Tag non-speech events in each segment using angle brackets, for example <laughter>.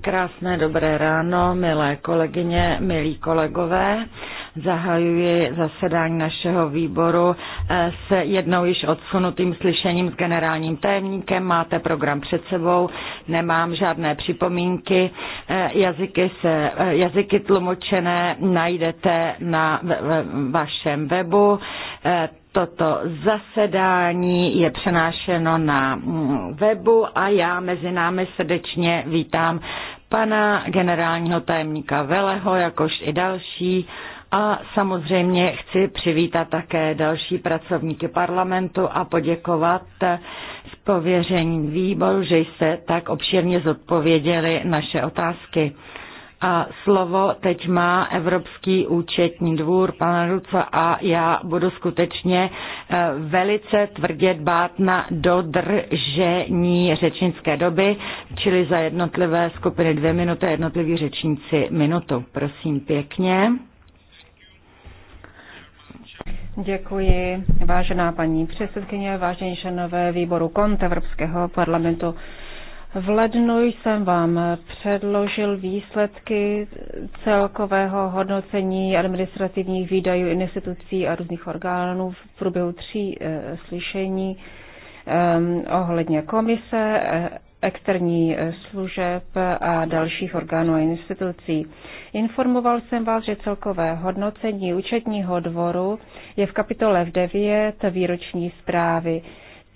Krásné dobré ráno, milé kolegyně, milí kolegové. Zahajuji zasedání našeho výboru eh, s jednou již odsunutým slyšením s generálním tajemníkem. Máte program před sebou, nemám žádné připomínky. Eh, jazyky, se, eh, jazyky tlumočené najdete na vašem webu Toto zasedání je přenášeno na mm, webu a já mezi námi srdečně vítám pana generálního tajemníka Veleho, jakož i další. A samozřejmě chci přivítat také další pracovníky parlamentu a poděkovat z pověření výboru, že jste tak obšírně zodpověděli naše otázky. A slovo teď má Evropský účetní dvůr, pana Ruco, a já budu skutečně eh, velice tvrdě dbát na dodržení řečnické doby, čili za jednotlivé skupiny dvě minuty, jednotliví řečníci minutu. Prosím pěkně. Děkuji, vážená paní předsedkyně, vážení členové výboru KONT Evropského parlamentu. V lednu jsem vám předložil výsledky celkového hodnocení administrativních výdajů institucí a různých orgánů v průběhu tří eh, slyšení ehm, ohledně komise, eh, externí eh, služeb a dalších orgánů a institucí. Informoval jsem vás, že celkové hodnocení účetního dvoru je v kapitole v 9 výroční zprávy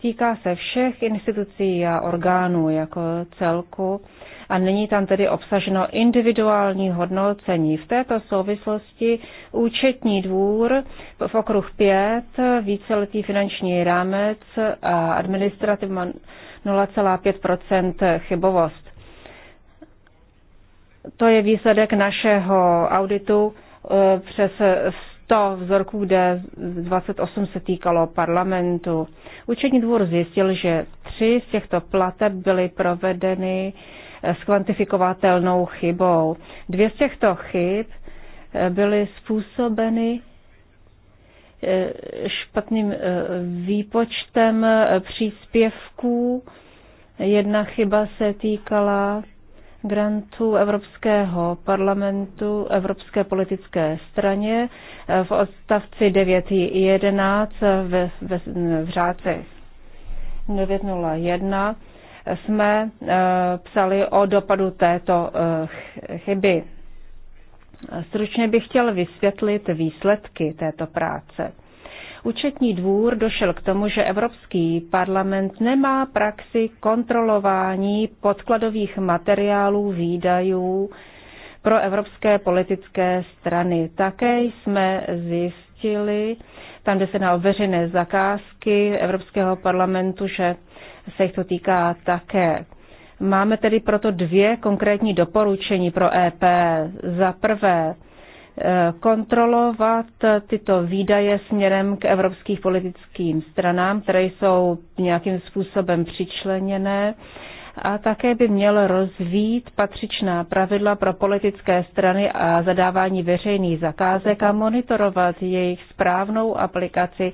Týká se všech institucí a orgánů jako celku a není tam tedy obsaženo individuální hodnocení. V této souvislosti účetní dvůr v okruh 5, víceletý finanční rámec a administrativ 0,5 chybovost. To je výsledek našeho auditu eh, přes 100 vzorků, kde 28 se týkalo parlamentu. Účetní dvůr zjistil, že tři z těchto plateb byly provedeny eh, s kvantifikovatelnou chybou. Dvě z těchto chyb eh, byly způsobeny eh, špatným výpočtem příspěvků. Jedna chyba se týkala Grantu Evropského parlamentu Evropské politické straně eh, v odstavci 9.11 v, v, v řáci 9.01 jsme eh, psali o dopadu této eh, chyby. Stručně bych chtěl vysvětlit výsledky této práce. Účetní dvůr došel k tomu, že Evropský parlament nemá praxi kontrolování podkladových materiálů výdajů pro evropské politické strany. Také jsme zjistili, tam, kde se na veřejné zakázky Evropského parlamentu, že se jich to týká také. Máme tedy proto dvě konkrétní doporučení pro EP. Za prvé, kontrolovat tyto výdaje směrem k evropských politickým stranám, které jsou nějakým způsobem přičleněné a také by měl rozvít patřičná pravidla pro politické strany a zadávání veřejných zakázek a monitorovat jejich správnou aplikaci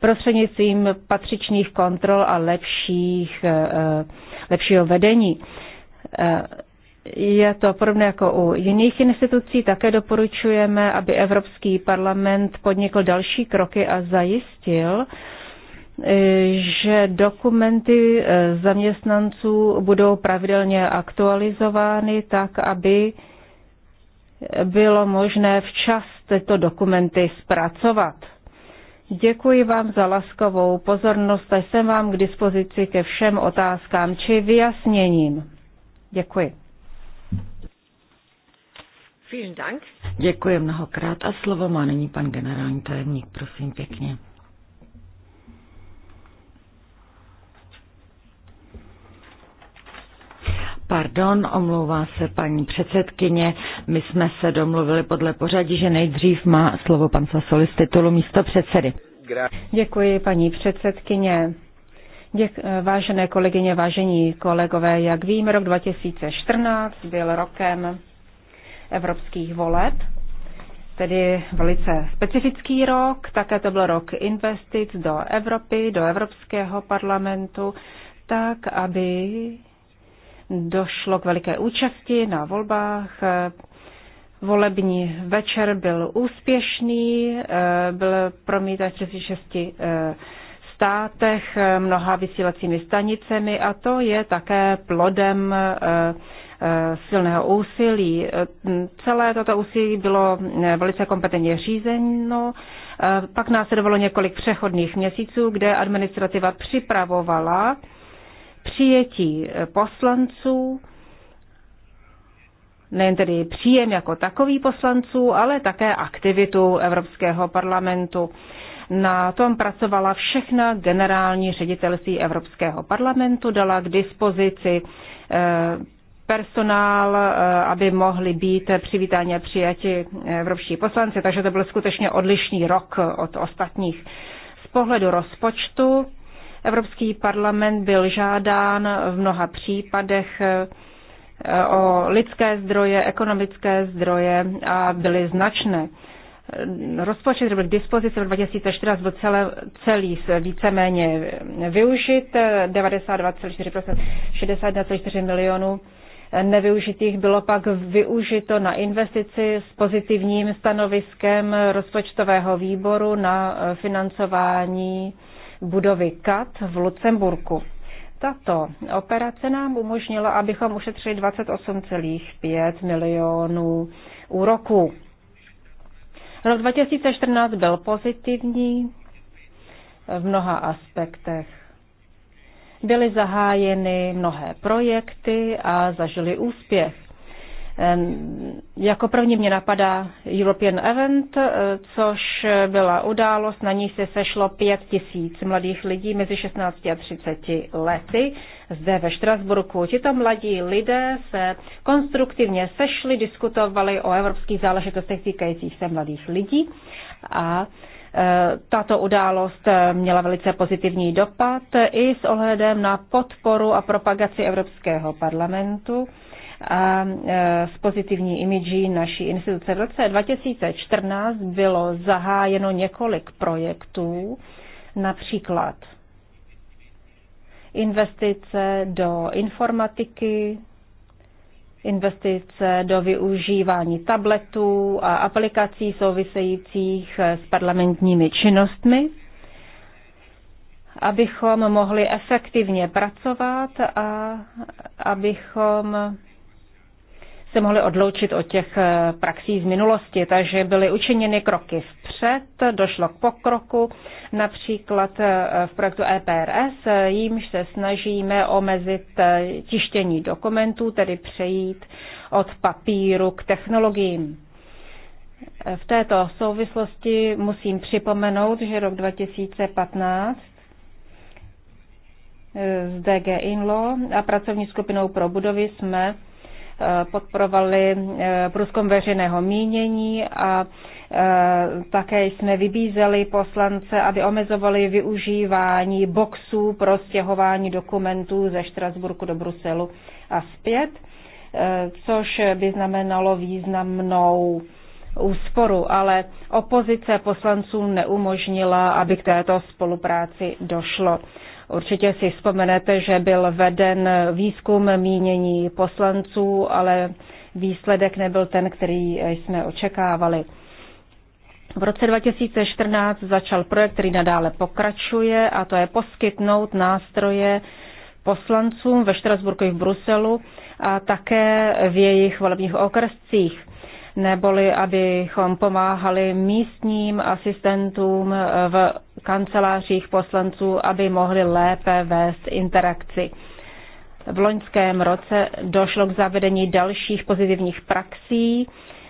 prostřednictvím patřičných kontrol a lepších, eh, lepšího vedení. Eh, je to podobné jako u jiných institucí. Také doporučujeme, aby Evropský parlament podnikl další kroky a zajistil, eh, že dokumenty eh, zaměstnanců budou pravidelně aktualizovány tak, aby bylo možné včas tyto dokumenty zpracovat. Děkuji vám za laskavou pozornost a jsem vám k dispozici ke všem otázkám či vyjasněním. Děkuji. Děkuji mnohokrát a slovo má nyní pan generální tajemník, prosím pěkně. Pardon, omlouvá se paní předsedkyně. My jsme se domluvili podle pořadí, že nejdřív má slovo pan Sasoli z titulu místo předsedy. Děkuji, paní předsedkyně. Děk, vážené kolegyně, vážení kolegové, jak vím, rok 2014 byl rokem evropských voleb, tedy velice specifický rok, také to byl rok investic do Evropy, do Evropského parlamentu, tak, aby došlo k veliké účasti na volbách. Volební večer byl úspěšný, eh, byl promítat v 36 eh, státech eh, mnoha vysílacími stanicemi a to je také plodem silného úsilí. Celé toto úsilí bylo eh, velice kompetentně řízeno. Eh, Pak následovalo několik přechodných měsíců, kde administrativa připravovala přijetí eh, poslanců, nejen tedy příjem jako takový poslanců, ale také aktivitu Evropského parlamentu. Na tom pracovala všechna generální ředitelství Evropského parlamentu, dala k dispozici personál, eh, aby mohli být přivítáni a přijati evropští poslanci, takže to byl skutečně odlišný rok od ostatních. Z pohledu rozpočtu Evropský parlament byl žádán v mnoha případech eh, o lidské zdroje, ekonomické zdroje a byly značné. Rozpočet, který byl k dispozici v 2014, byl celé, celý víceméně využit, 92,4%, 61,4 milionů nevyužitých bylo pak využito na investici s pozitivním stanoviskem rozpočtového výboru na eh, financování budovy KAT v Lucemburku. Tato operace nám umožnila, abychom ušetřili 28,5 milionů úroků. Rok 2014 byl pozitivní v mnoha aspektech byly zahájeny mnohé projekty a zažili úspěch. Jako první mě napadá European Event, e, což byla událost, na ní se sešlo pět tisíc mladých lidí mezi 16 a 30 lety zde ve Štrasburku. Tito mladí lidé se konstruktivně sešli, diskutovali o evropských záležitostech týkajících se mladých lidí a Eh, tato událost eh, měla velice pozitivní dopad i s ohledem na podporu a propagaci Evropského parlamentu a eh, s pozitivní imidží naší instituce. V roce 2014 bylo zahájeno několik projektů, například investice do informatiky, investice do využívání tabletů a aplikací souvisejících s parlamentními činnostmi, abychom mohli efektivně pracovat a abychom se mohli odloučit od těch eh, praxí z minulosti, takže byly učiněny kroky vpřed, došlo k pokroku, například eh, v projektu EPRS, eh, jímž se snažíme omezit tištění dokumentů, tedy přejít od papíru k technologiím. V této souvislosti musím připomenout, že rok 2015 s DG Inlo a pracovní skupinou pro budovy jsme podporovali eh, průzkum veřejného mínění a eh, také jsme vybízeli poslance, aby omezovali využívání boxů pro stěhování dokumentů ze Štrasburku do Bruselu a zpět, eh, což by znamenalo významnou úsporu, ale opozice poslanců neumožnila, aby k této spolupráci došlo. Určitě si vzpomenete, že byl veden výzkum mínění poslanců, ale výsledek nebyl ten, který jsme očekávali. V roce 2014 začal projekt, který nadále pokračuje, a to je poskytnout nástroje poslancům ve Štrasburku i v Bruselu a také v jejich volebních okrescích neboli abychom pomáhali místním asistentům v kancelářích poslanců, aby mohli lépe vést interakci. V loňském roce došlo k zavedení dalších pozitivních praxí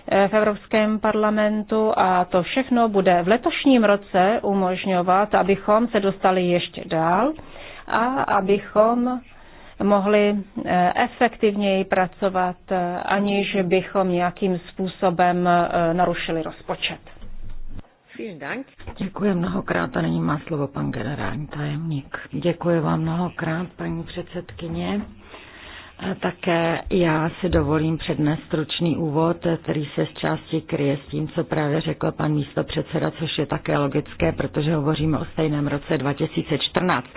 eh, v Evropském parlamentu a to všechno bude v letošním roce umožňovat, abychom se dostali ještě dál a abychom mohli eh, efektivněji pracovat, eh, aniž bychom nějakým způsobem eh, narušili rozpočet. Děkuji mnohokrát a nyní má slovo pan generální tajemník. Děkuji vám mnohokrát, paní předsedkyně také já si dovolím přednes stručný úvod, který se z části kryje s tím, co právě řekl pan místopředseda, což je také logické, protože hovoříme o stejném roce 2014.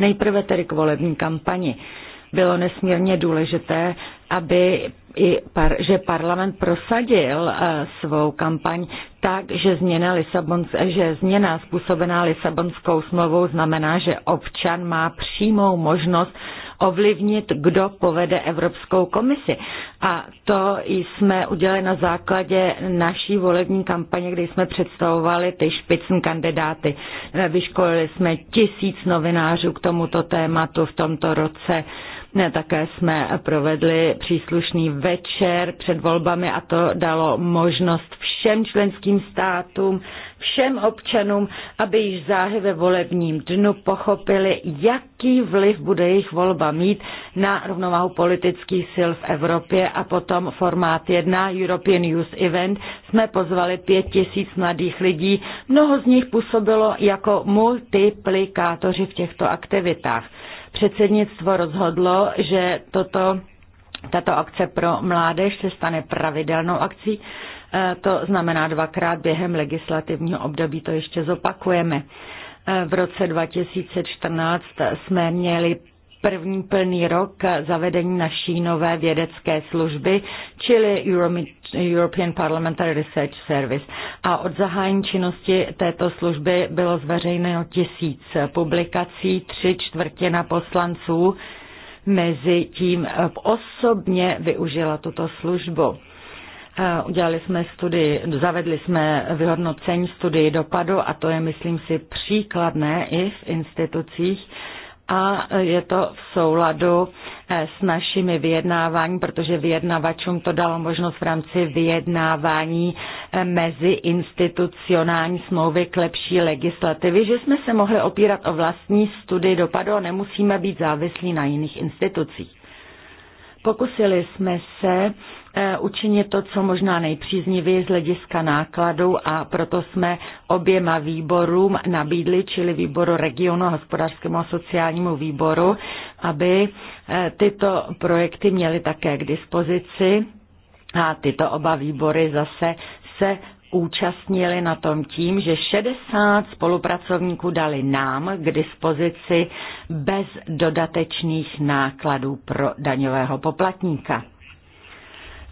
Nejprve tedy k volební kampani. Bylo nesmírně důležité, aby i par, že parlament prosadil uh, svou kampaň tak, že změna, Lisabons, eh, že změna způsobená Lisabonskou smlouvou znamená, že občan má přímou možnost uh, ovlivnit, kdo povede Evropskou komisi. A to jsme udělali na základě naší volební kampaně, kde jsme představovali ty špicn kandidáty. Vyškolili jsme tisíc novinářů k tomuto tématu v tomto roce. Také jsme provedli příslušný večer před volbami a to dalo možnost všem členským státům všem občanům, aby již záhy ve volebním dnu pochopili, jaký vliv bude jejich volba mít na rovnováhu politických sil v Evropě a potom formát 1 European Youth Event jsme pozvali pět tisíc mladých lidí. Mnoho z nich působilo jako multiplikátoři v těchto aktivitách. Předsednictvo rozhodlo, že toto tato akce pro mládež se stane pravidelnou akcí E, to znamená dvakrát během legislativního období, to ještě zopakujeme. E, v roce 2014 jsme měli první plný rok zavedení naší nové vědecké služby, čili European Parliamentary Research Service. A od zahájení činnosti této služby bylo zveřejněno tisíc publikací, tři čtvrtina poslanců mezi tím osobně využila tuto službu. Udělali jsme studii, zavedli jsme vyhodnocení studii dopadu a to je, myslím si, příkladné i v institucích a je to v souladu eh, s našimi vyjednávání, protože vyjednavačům to dalo možnost v rámci vyjednávání eh, mezi institucionální smlouvy k lepší legislativy, že jsme se mohli opírat o vlastní studii dopadu a nemusíme být závislí na jiných institucích. Pokusili jsme se E, učinit to, co možná nejpříznivěji z hlediska nákladů a proto jsme oběma výborům nabídli, čili výboru regionu a hospodářskému a sociálnímu výboru, aby e, tyto projekty měly také k dispozici a tyto oba výbory zase se účastnili na tom tím, že 60 spolupracovníků dali nám k dispozici bez dodatečných nákladů pro daňového poplatníka.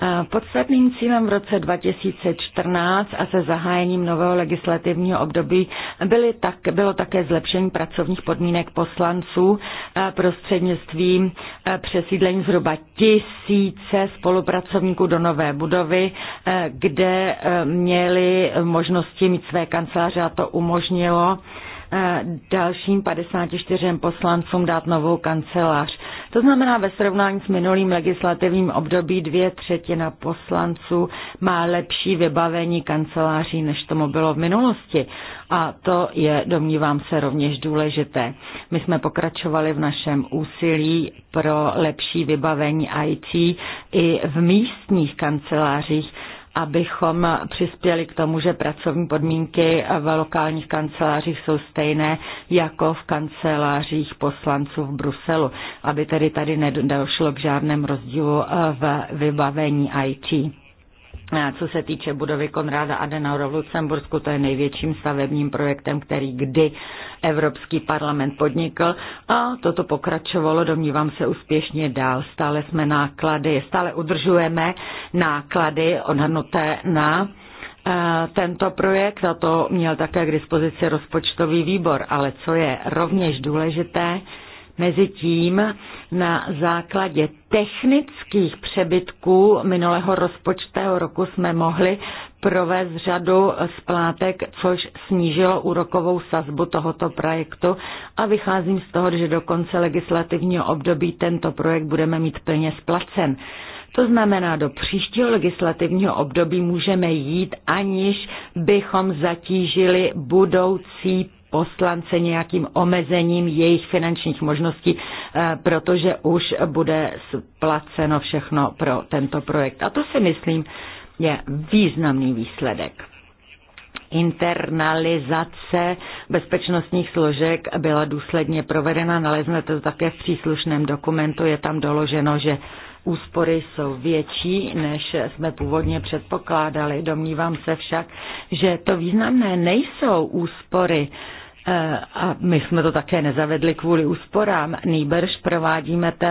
E, podstatným cílem v roce 2014 a se zahájením nového legislativního období byly tak, bylo také zlepšení pracovních podmínek poslanců e, prostřednictvím e, přesídlení zhruba tisíce spolupracovníků do nové budovy, kde měli možnosti mít své kanceláře a to umožnilo Eh, dalším 54 poslancům dát novou kancelář. To znamená, ve srovnání s minulým legislativním období dvě třetina poslanců má lepší vybavení kanceláří, než tomu bylo v minulosti. A to je, domnívám se, rovněž důležité. My jsme pokračovali v našem úsilí pro lepší vybavení IT i v místních kancelářích abychom přispěli k tomu, že pracovní podmínky v lokálních kancelářích jsou stejné jako v kancelářích poslanců v Bruselu, aby tedy tady nedošlo k žádnému rozdílu v vybavení IT co se týče budovy Konráda Adenaura v Lucembursku, to je největším stavebním projektem, který kdy Evropský parlament podnikl a toto pokračovalo, domnívám se, úspěšně dál. Stále jsme náklady, stále udržujeme náklady odhrnuté na eh, tento projekt a to měl také k dispozici rozpočtový výbor, ale co je rovněž důležité, Mezitím na základě technických přebytků minulého rozpočtého roku jsme mohli provést řadu splátek, což snížilo úrokovou sazbu tohoto projektu a vycházím z toho, že do konce legislativního období tento projekt budeme mít plně splacen. To znamená, do příštího legislativního období můžeme jít, aniž bychom zatížili budoucí poslance nějakým omezením jejich finančních možností, eh, protože už bude splaceno všechno pro tento projekt. A to si myslím je významný výsledek internalizace bezpečnostních složek byla důsledně provedena. Naleznete to také v příslušném dokumentu. Je tam doloženo, že úspory jsou větší, než jsme původně předpokládali. Domnívám se však, že to významné nejsou úspory Eh, a my jsme to také nezavedli kvůli úsporám. Nýbrž provádíme to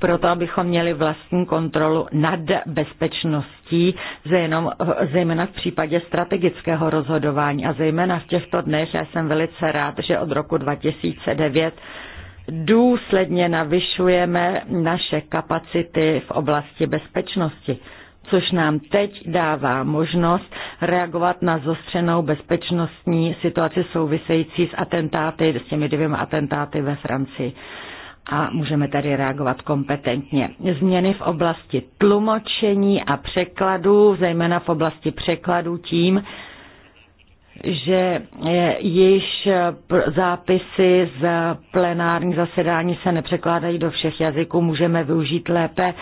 proto, abychom měli vlastní kontrolu nad bezpečností, zejména, zejména v případě strategického rozhodování. A zejména v těchto dnech já jsem velice rád, že od roku 2009 důsledně navyšujeme naše kapacity v oblasti bezpečnosti což nám teď dává možnost reagovat na zostřenou bezpečnostní situaci související s atentáty, s těmi dvěma atentáty ve Francii. A můžeme tady reagovat kompetentně. Změny v oblasti tlumočení a překladů, zejména v oblasti překladů tím, že eh, již eh, zápisy z plenární zasedání se nepřekládají do všech jazyků, můžeme využít lépe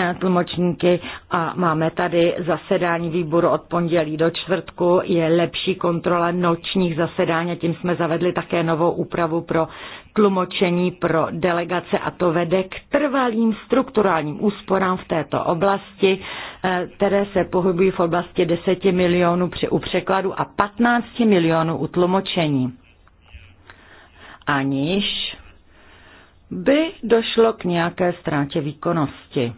eh, tlumočníky a máme tady zasedání výboru od pondělí do čtvrtku, je lepší kontrola nočních zasedání, tím jsme zavedli také novou úpravu pro tlumočení pro delegace a to vede k trvalým strukturálním úsporám v této oblasti, eh, které se pohybují v oblasti 10 milionů při u překladu a 15 milionů u tlumočení. Aniž by došlo k nějaké ztrátě výkonnosti.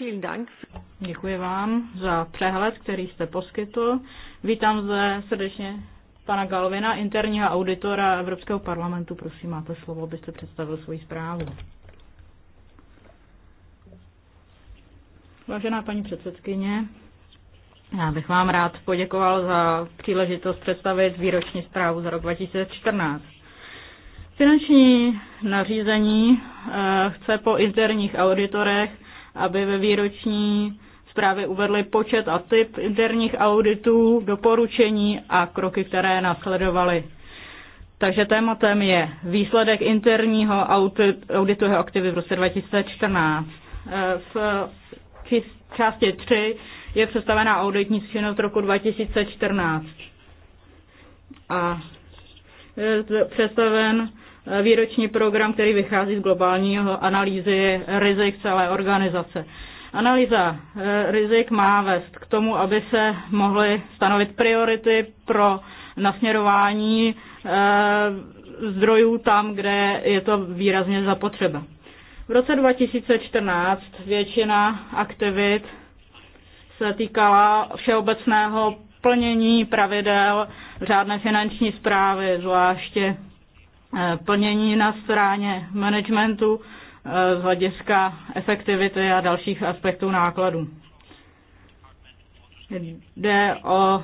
Vielen Dank Děkuji vám za přehled, který jste poskytl. Vítám zde srdečně pana Galvina, interního auditora Evropského parlamentu. Prosím, máte slovo, abyste představil svoji zprávu. Vážená paní předsedkyně, já bych vám rád poděkoval za příležitost představit výroční zprávu za rok 2014. Finanční nařízení eh, chce po interních auditorech, aby ve výroční zprávě uvedli počet a typ interních auditů, doporučení a kroky, které následovaly. Takže tématem je výsledek interního auditu jeho aktivy v roce 2014. Eh, v části 3 je představená auditní činnost roku 2014. A je eh, představen eh, výroční program, který vychází z globálního analýzy rizik celé organizace. Analýza eh, rizik má vést k tomu, aby se mohly stanovit priority pro nasměrování eh, zdrojů tam, kde je to výrazně zapotřeba. V roce 2014 většina aktivit se týkala všeobecného plnění pravidel řádné finanční zprávy, zvláště eh, plnění na straně managementu z hlediska efektivity a dalších aspektů nákladů. Jde o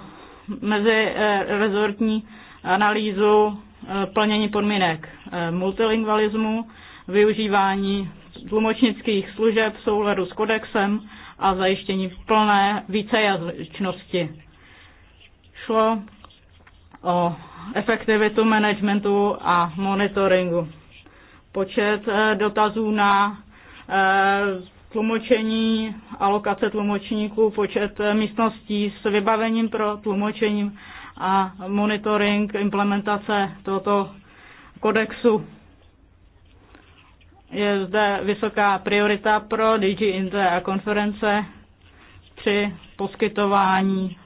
mezirezortní eh, analýzu eh, plnění podmínek eh, multilingualismu, využívání tlumočnických služeb v souladu s kodexem a zajištění plné vícejazyčnosti. Šlo o efektivitu managementu a monitoringu počet eh, dotazů na eh, tlumočení, alokace tlumočníků, počet eh, místností s vybavením pro tlumočení a monitoring implementace tohoto kodexu. Je zde vysoká priorita pro DG Inter a konference při poskytování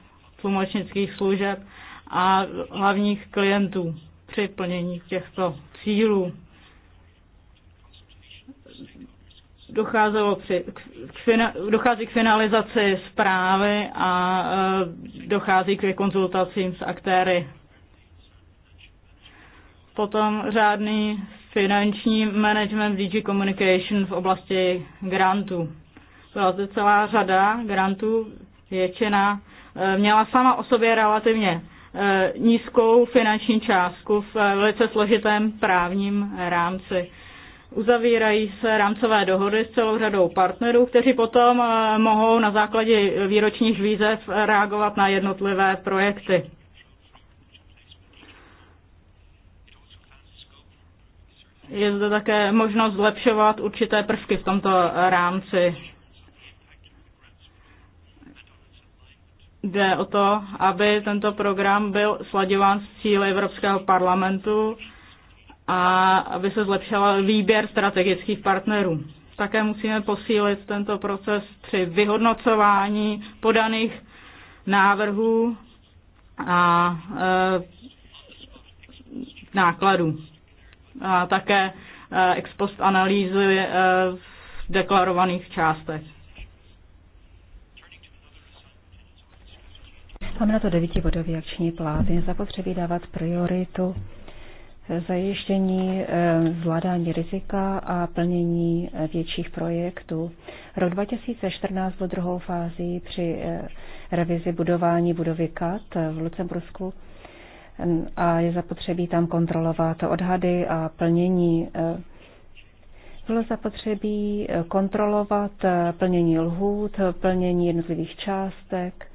tlumočnických služeb a hlavních klientů při plnění těchto cílů docházelo při, k, k, dochází k finalizaci zprávy a e, dochází k konzultacím s aktéry. Potom řádný finanční management DG Communication v oblasti grantů. Byla zde celá řada grantů, většina e, měla sama o sobě relativně e, nízkou finanční částku v velice složitém právním rámci Uzavírají se rámcové dohody s celou řadou partnerů, kteří potom eh, mohou na základě výročních výzev reagovat na jednotlivé projekty. Je zde také možnost zlepšovat určité prvky v tomto rámci. Jde o to, aby tento program byl sladěván s cíly Evropského parlamentu a aby se zlepšil výběr strategických partnerů. Také musíme posílit tento proces při vyhodnocování podaných návrhů a e, nákladů. A také e, ex post analýzy e, deklarovaných částek. Máme na to devíti bodový akční plán. Je zapotřebí dávat prioritu zajištění eh, zvládání rizika a plnění větších projektů. Rok 2014 byl druhou fází při eh, revizi budování budovy KAT eh, v Lucembursku a je zapotřebí tam kontrolovat odhady a plnění. Bylo zapotřebí kontrolovat plnění lhůt, plnění jednotlivých částek,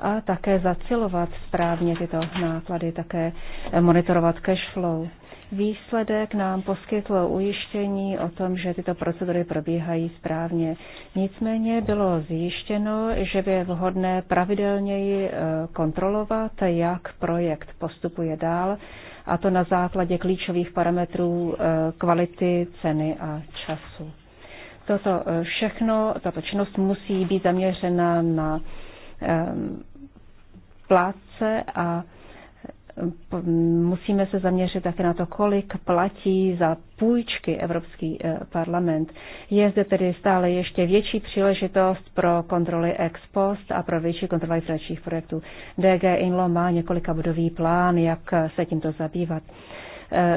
a také zacilovat správně tyto náklady, také monitorovat cash flow. Výsledek nám poskytlo ujištění o tom, že tyto procedury probíhají správně. Nicméně bylo zjištěno, že by je vhodné pravidelněji eh, kontrolovat, jak projekt postupuje dál, a to na základě klíčových parametrů eh, kvality, ceny a času. Toto eh, všechno, tato činnost musí být zaměřena na um, plátce a eh, musíme se zaměřit také na to, kolik platí za půjčky Evropský eh, parlament. Je zde tedy stále ještě větší příležitost pro kontroly ex post a pro větší kontroly finančních projektů. DG Inlo má několika budový plán, jak eh, se tímto zabývat.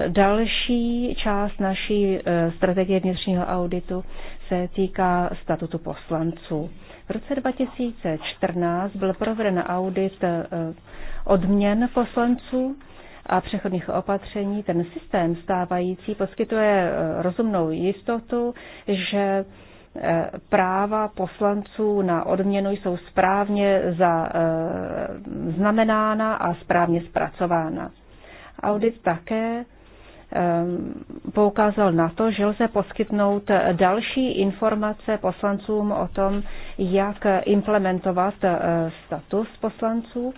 Další část naší strategie vnitřního auditu se týká statutu poslanců. V roce 2014 byl proveden audit eh, odměn poslanců a přechodných opatření. Ten systém stávající poskytuje eh, rozumnou jistotu, že eh, práva poslanců na odměnu jsou správně znamenána a správně zpracována. Audit také Ehm, poukázal na to, že lze poskytnout další informace poslancům o tom, jak implementovat eh, status poslanců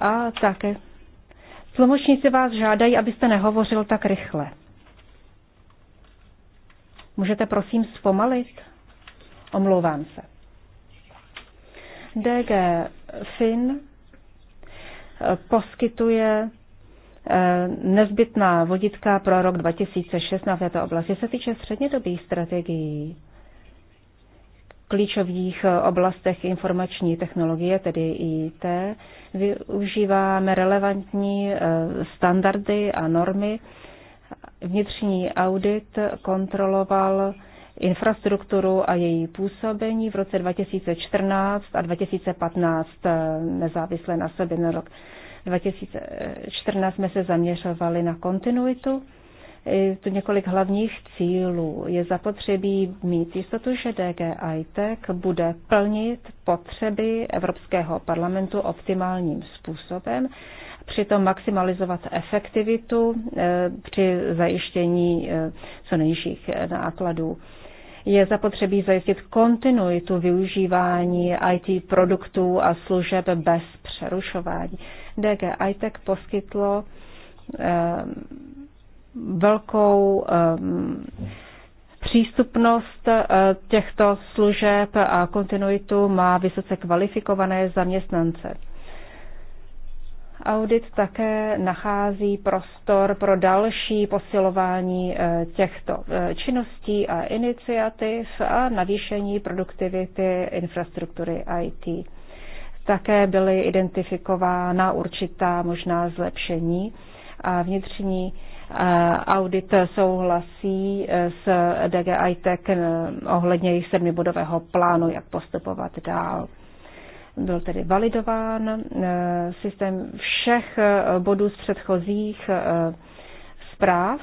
a také tlumočníci vás žádají, abyste nehovořil tak rychle. Můžete prosím zpomalit? Omlouvám se. DG Fin eh, poskytuje Eh, nezbytná vodítka pro rok 2016 v této oblasti. Se týče střednědobých strategií, klíčových oblastech informační technologie, tedy IT, využíváme relevantní eh, standardy a normy. Vnitřní audit kontroloval infrastrukturu a její působení v roce 2014 a 2015 eh, nezávisle na sobě na rok. 2014 jsme se zaměřovali na kontinuitu. Je tu několik hlavních cílů. Je zapotřebí mít jistotu, že DG bude plnit potřeby Evropského parlamentu optimálním způsobem, přitom maximalizovat efektivitu e, při zajištění e, co nejnižších e, nákladů je zapotřebí zajistit kontinuitu využívání IT produktů a služeb bez přerušování. DG ITEC poskytlo eh, velkou eh, přístupnost eh, těchto služeb a kontinuitu má vysoce kvalifikované zaměstnance. Audit také nachází prostor pro další posilování těchto činností a iniciativ a navýšení produktivity infrastruktury IT. Také byly identifikována určitá možná zlepšení a vnitřní eh, audit souhlasí eh, s DGITEC eh, ohledně jejich sedmibodového plánu, jak postupovat dál. Byl tedy validován systém všech bodů z předchozích zpráv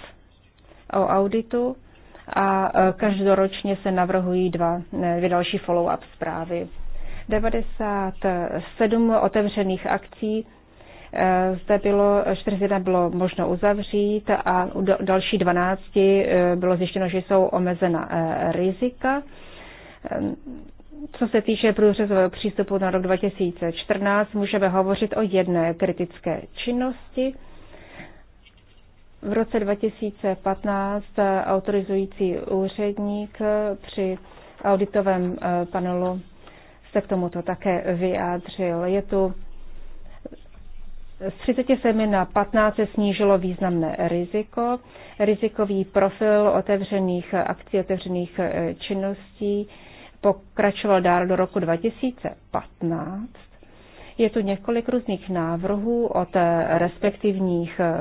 o auditu a každoročně se navrhují dva, dvě další follow-up zprávy 97 otevřených akcí eh, zde bylo, 41 bylo možno uzavřít a u další 12 eh, bylo zjištěno, že jsou omezena eh, rizika. Co se týče průřezového přístupu na rok 2014, můžeme hovořit o jedné kritické činnosti. V roce 2015 autorizující úředník při auditovém panelu se k tomuto také vyjádřil. Je tu z 37 na 15 se snížilo významné riziko. Rizikový profil otevřených akcí, otevřených e, činností pokračoval dál do roku 2015. Je tu několik různých návrhů od e, respektivních e,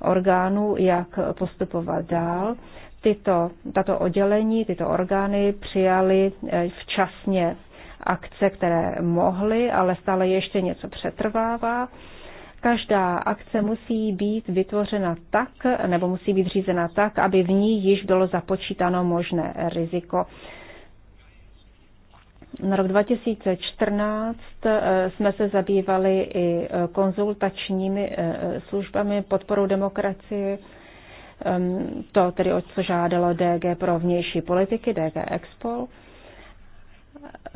orgánů, jak postupovat dál. Tyto, tato oddělení, tyto orgány přijali včasně akce, které mohly, ale stále ještě něco přetrvává. Každá akce musí být vytvořena tak, nebo musí být řízena tak, aby v ní již bylo započítáno možné riziko. Na rok 2014 eh, jsme se zabývali i eh, konzultačními eh, službami podporou demokracie. Ehm, to tedy, o co žádalo DG pro vnější politiky, DG Expol.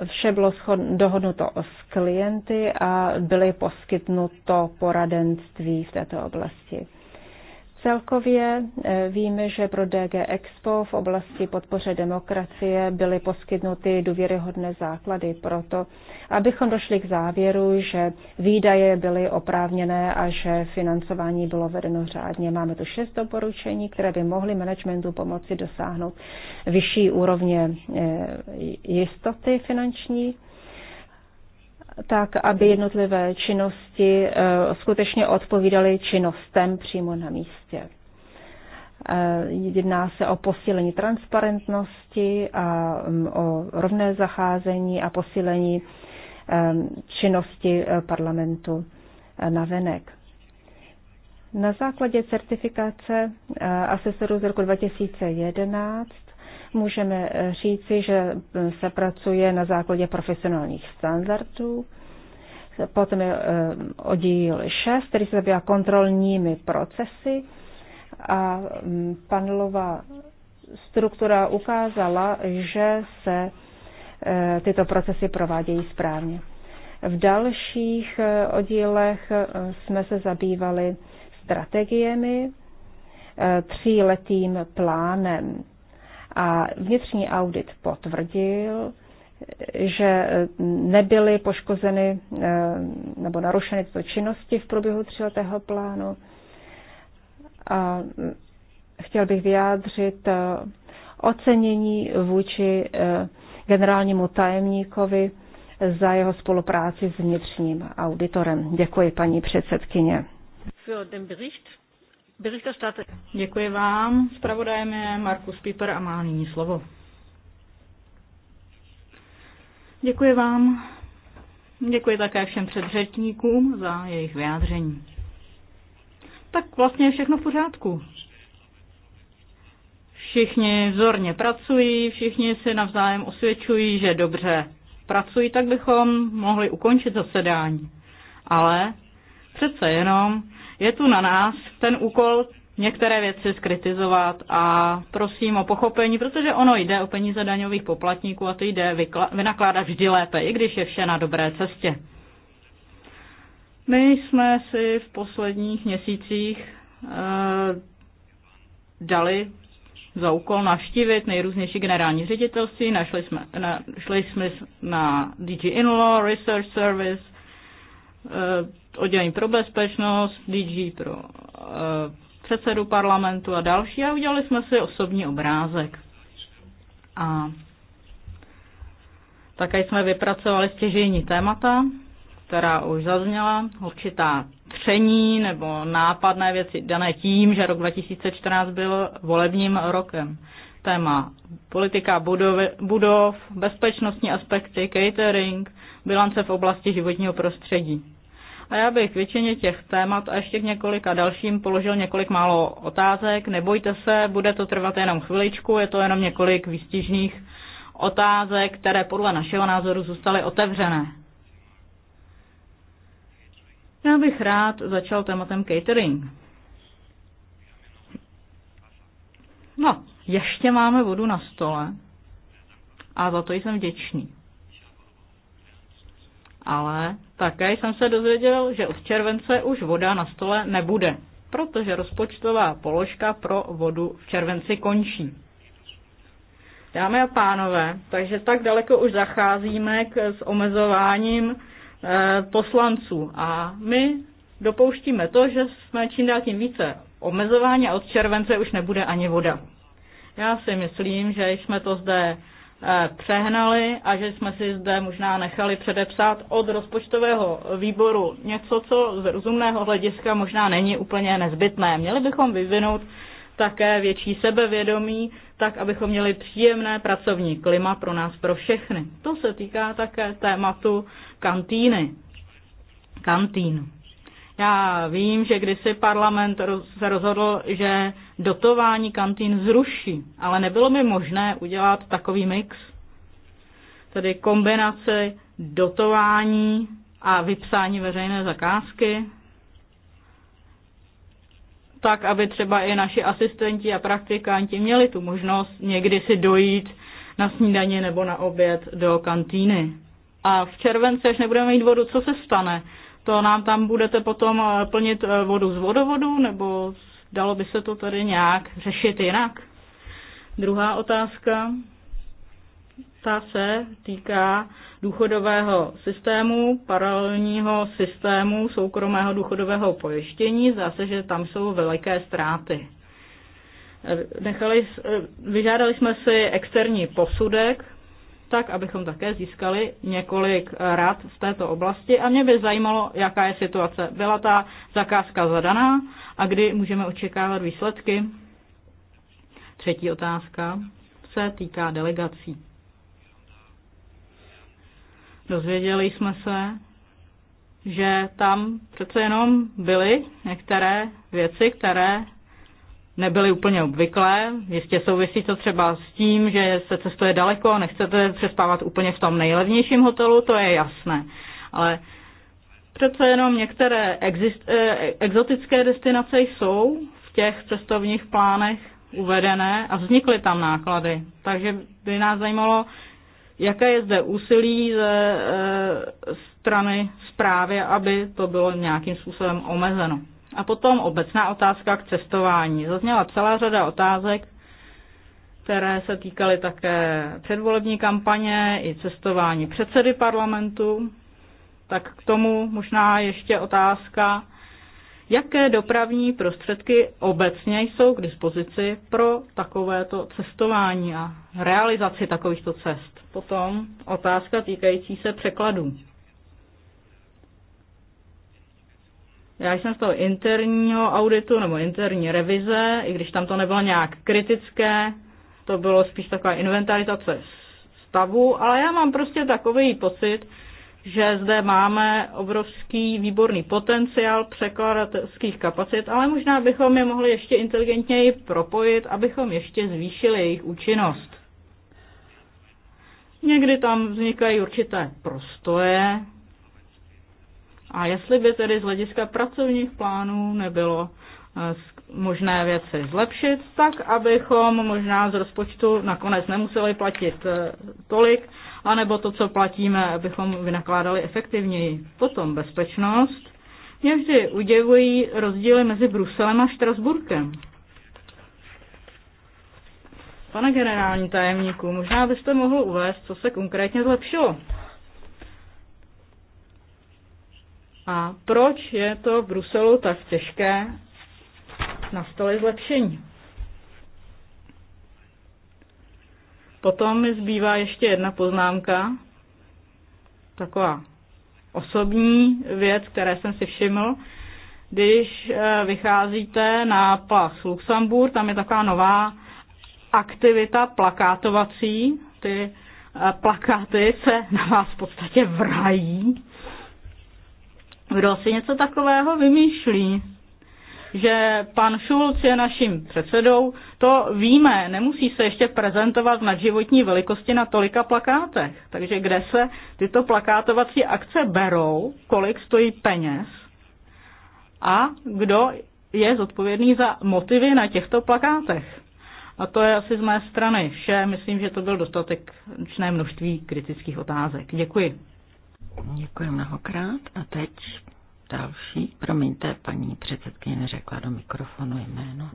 Vše bylo dohodnuto s klienty a byly poskytnuto poradenství v této oblasti. Celkově eh, víme, že pro DG Expo v oblasti podpoře demokracie byly poskytnuty důvěryhodné základy proto, abychom došli k závěru, že výdaje byly oprávněné a že financování bylo vedeno řádně. Máme tu šest doporučení, které by mohly managementu pomoci dosáhnout vyšší úrovně eh, jistoty finanční tak, aby jednotlivé činnosti eh, skutečně odpovídaly činnostem přímo na místě. Eh, jedná se o posílení transparentnosti a mm, o rovné zacházení a posílení eh, činnosti parlamentu na venek. Na základě certifikace asesorů z roku 2011 můžeme eh, říci, že eh, se pracuje na základě profesionálních standardů. Potom je eh, oddíl 6, který se zabývá kontrolními procesy a mm, panelová struktura ukázala, že se tyto procesy provádějí správně. V dalších oddílech jsme se zabývali strategiemi, tříletým plánem a vnitřní audit potvrdil, že nebyly poškozeny eh, nebo narušeny tyto činnosti v průběhu tříletého plánu. A chtěl bych vyjádřit eh, ocenění vůči eh, generálnímu tajemníkovi za jeho spolupráci s vnitřním auditorem. Děkuji, paní předsedkyně. Berichterstatter. Děkuji vám. Spravodajem je Markus Piper a má nyní slovo. Děkuji vám. Děkuji také všem předřečníkům za jejich vyjádření. Tak vlastně je všechno v pořádku. Všichni vzorně pracují, všichni si navzájem osvědčují, že dobře pracují, tak bychom mohli ukončit zasedání. Ale přece jenom je tu na nás ten úkol některé věci skritizovat a prosím o pochopení, protože ono jde o peníze daňových poplatníků a to jde vynakládat vždy lépe, i když je vše na dobré cestě. My jsme si v posledních měsících e, dali za úkol navštívit nejrůznější generální ředitelství. Našli jsme, našli jsme na DG Inlaw, Research Service, Eh, oddělení pro bezpečnost, DG pro eh, předsedu parlamentu a další a udělali jsme si osobní obrázek. A také jsme vypracovali stěžení témata, která už zazněla, určitá tření nebo nápadné věci dané tím, že rok 2014 byl volebním rokem. Téma politika budovy, budov, bezpečnostní aspekty, catering, bilance v oblasti životního prostředí. A já bych většině těch témat a ještě k několika dalším položil několik málo otázek. Nebojte se, bude to trvat jenom chviličku, je to jenom několik výstižných otázek, které podle našeho názoru zůstaly otevřené. Já bych rád začal tématem catering. No, ještě máme vodu na stole a za to jsem vděčný. Ale také jsem se dozvěděl, že od července už voda na stole nebude, protože rozpočtová položka pro vodu v červenci končí. Dámy a pánové, takže tak daleko už zacházíme k, s omezováním e, poslanců a my dopouštíme to, že jsme čím dál tím více Omezování a od července už nebude ani voda. Já si myslím, že jsme to zde Eh, přehnali a že jsme si zde možná nechali předepsat od rozpočtového výboru něco, co z rozumného hlediska možná není úplně nezbytné. Měli bychom vyvinout také větší sebevědomí, tak abychom měli příjemné pracovní klima pro nás, pro všechny. To se týká také tématu kantýny. Kantýnu. Já vím, že kdysi parlament se rozhodl, že dotování kantín zruší, ale nebylo mi možné udělat takový mix, tedy kombinace dotování a vypsání veřejné zakázky, tak, aby třeba i naši asistenti a praktikanti měli tu možnost někdy si dojít na snídaně nebo na oběd do kantýny. A v červenci, až nebudeme mít vodu, co se stane? to nám tam budete potom eh, plnit eh, vodu z vodovodu, nebo dalo by se to tady nějak řešit jinak? Druhá otázka, ta se týká důchodového systému, paralelního systému soukromého důchodového pojištění. Zase, že tam jsou veliké ztráty. Eh, nechali, vyžádali jsme si externí posudek tak abychom také získali několik rad v této oblasti. A mě by zajímalo, jaká je situace. Byla ta zakázka zadaná a kdy můžeme očekávat výsledky? Třetí otázka se týká delegací. Dozvěděli jsme se, že tam přece jenom byly některé věci, které nebyly úplně obvyklé. Jistě souvisí to třeba s tím, že se cestuje daleko a nechcete přespávat úplně v tom nejlevnějším hotelu, to je jasné. Ale přece jenom některé exist, eh, exotické destinace jsou v těch cestovních plánech uvedené a vznikly tam náklady. Takže by nás zajímalo, jaké je zde úsilí ze eh, strany zprávy, aby to bylo nějakým způsobem omezeno. A potom obecná otázka k cestování. Zazněla celá řada otázek, které se týkaly také předvolební kampaně i cestování předsedy parlamentu. Tak k tomu možná ještě otázka, jaké dopravní prostředky obecně jsou k dispozici pro takovéto cestování a realizaci takovýchto cest. Potom otázka týkající se překladů. Já jsem z toho interního auditu nebo interní revize, i když tam to nebylo nějak kritické, to bylo spíš taková inventarizace stavu, ale já mám prostě takový pocit, že zde máme obrovský výborný potenciál překladatelských kapacit, ale možná bychom je mohli ještě inteligentněji propojit, abychom ještě zvýšili jejich účinnost. Někdy tam vznikají určité prostoje, a jestli by tedy z hlediska pracovních plánů nebylo eh, možné věci zlepšit, tak abychom možná z rozpočtu nakonec nemuseli platit eh, tolik, anebo to, co platíme, abychom vynakládali efektivněji. Potom bezpečnost. Mě vždy udivují rozdíly mezi Bruselem a Štrasburkem. Pane generální tajemníku, možná byste mohl uvést, co se konkrétně zlepšilo. a proč je to v Bruselu tak těžké nastolit zlepšení. Potom mi zbývá ještě jedna poznámka, taková osobní věc, které jsem si všiml. Když eh, vycházíte na Plas Luxemburg, tam je taková nová aktivita plakátovací. Ty eh, plakáty se na vás v podstatě vrají kdo si něco takového vymýšlí? Že pan Šulc je naším předsedou, to víme, nemusí se ještě prezentovat na životní velikosti na tolika plakátech. Takže kde se tyto plakátovací akce berou, kolik stojí peněz a kdo je zodpovědný za motivy na těchto plakátech. A to je asi z mé strany vše. Myslím, že to byl dostatečné množství kritických otázek. Děkuji. Děkuji mnohokrát. A teď další. Promiňte, paní předsedkyně neřekla do mikrofonu jméno.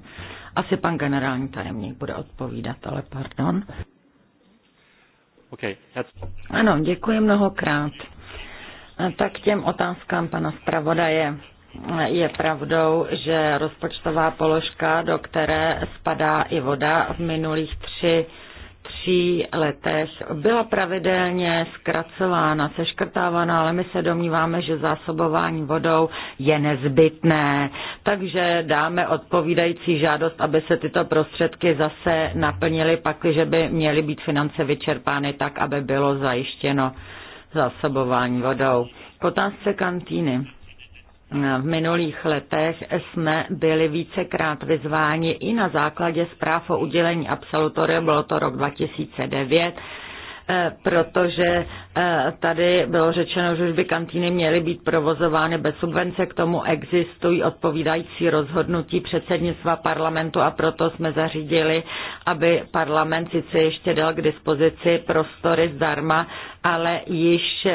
Asi pan generální tajemník bude odpovídat, ale pardon. Okay, that's... Ano, děkuji mnohokrát. A tak těm otázkám pana zpravodaje. Je pravdou, že rozpočtová položka, do které spadá i voda, v minulých tři tří letech byla pravidelně zkracována, seškrtávána, ale my se domníváme, že zásobování vodou je nezbytné, takže dáme odpovídající žádost, aby se tyto prostředky zase naplnily, pakliže by měly být finance vyčerpány tak, aby bylo zajištěno zásobování vodou. Potázce kantýny v minulých letech jsme byli vícekrát vyzváni i na základě zpráv o udělení absolutoria, bylo to rok 2009, Eh, protože eh, tady bylo řečeno, že už by kantýny měly být provozovány bez subvence, k tomu existují odpovídající rozhodnutí předsednictva parlamentu a proto jsme zařídili, aby parlament sice ještě dal k dispozici prostory zdarma, ale již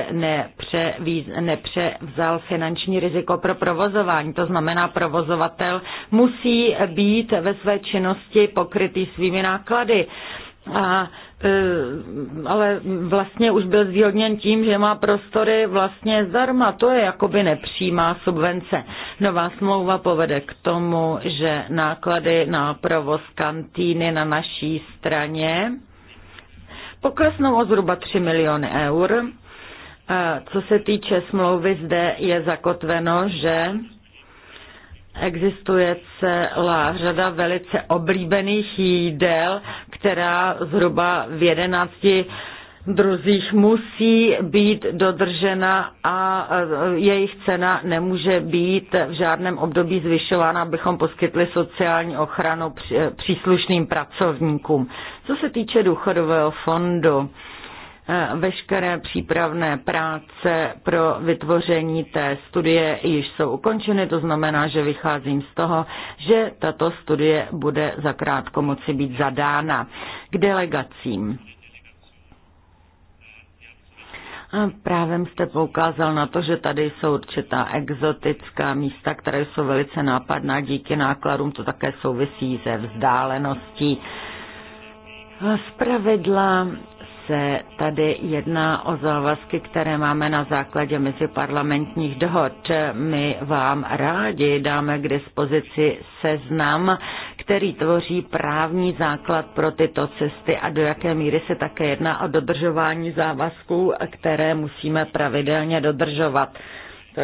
nepřevzal finanční riziko pro provozování. To znamená, provozovatel musí být ve své činnosti pokrytý svými náklady. A Eh, ale vlastně už byl zvýhodněn tím, že má prostory vlastně zdarma. To je jakoby nepřímá subvence. Nová smlouva povede k tomu, že náklady na provoz kantýny na naší straně poklesnou o zhruba 3 miliony eur. Eh, co se týče smlouvy, zde je zakotveno, že Existuje celá řada velice oblíbených jídel, která zhruba v jedenácti druzích musí být dodržena a e, jejich cena nemůže být v žádném období zvyšována, abychom poskytli sociální ochranu e, příslušným pracovníkům. Co se týče důchodového fondu, Eh, veškeré přípravné práce pro vytvoření té studie již jsou ukončeny, to znamená, že vycházím z toho, že tato studie bude zakrátko moci být zadána k delegacím. Právě jste poukázal na to, že tady jsou určitá exotická místa, které jsou velice nápadná díky nákladům, to také souvisí se vzdáleností. Zpravidla se tady jedná o závazky, které máme na základě meziparlamentních dohod. My vám rádi dáme k dispozici seznam, který tvoří právní základ pro tyto cesty a do jaké míry se také jedná o dodržování závazků, které musíme pravidelně dodržovat. To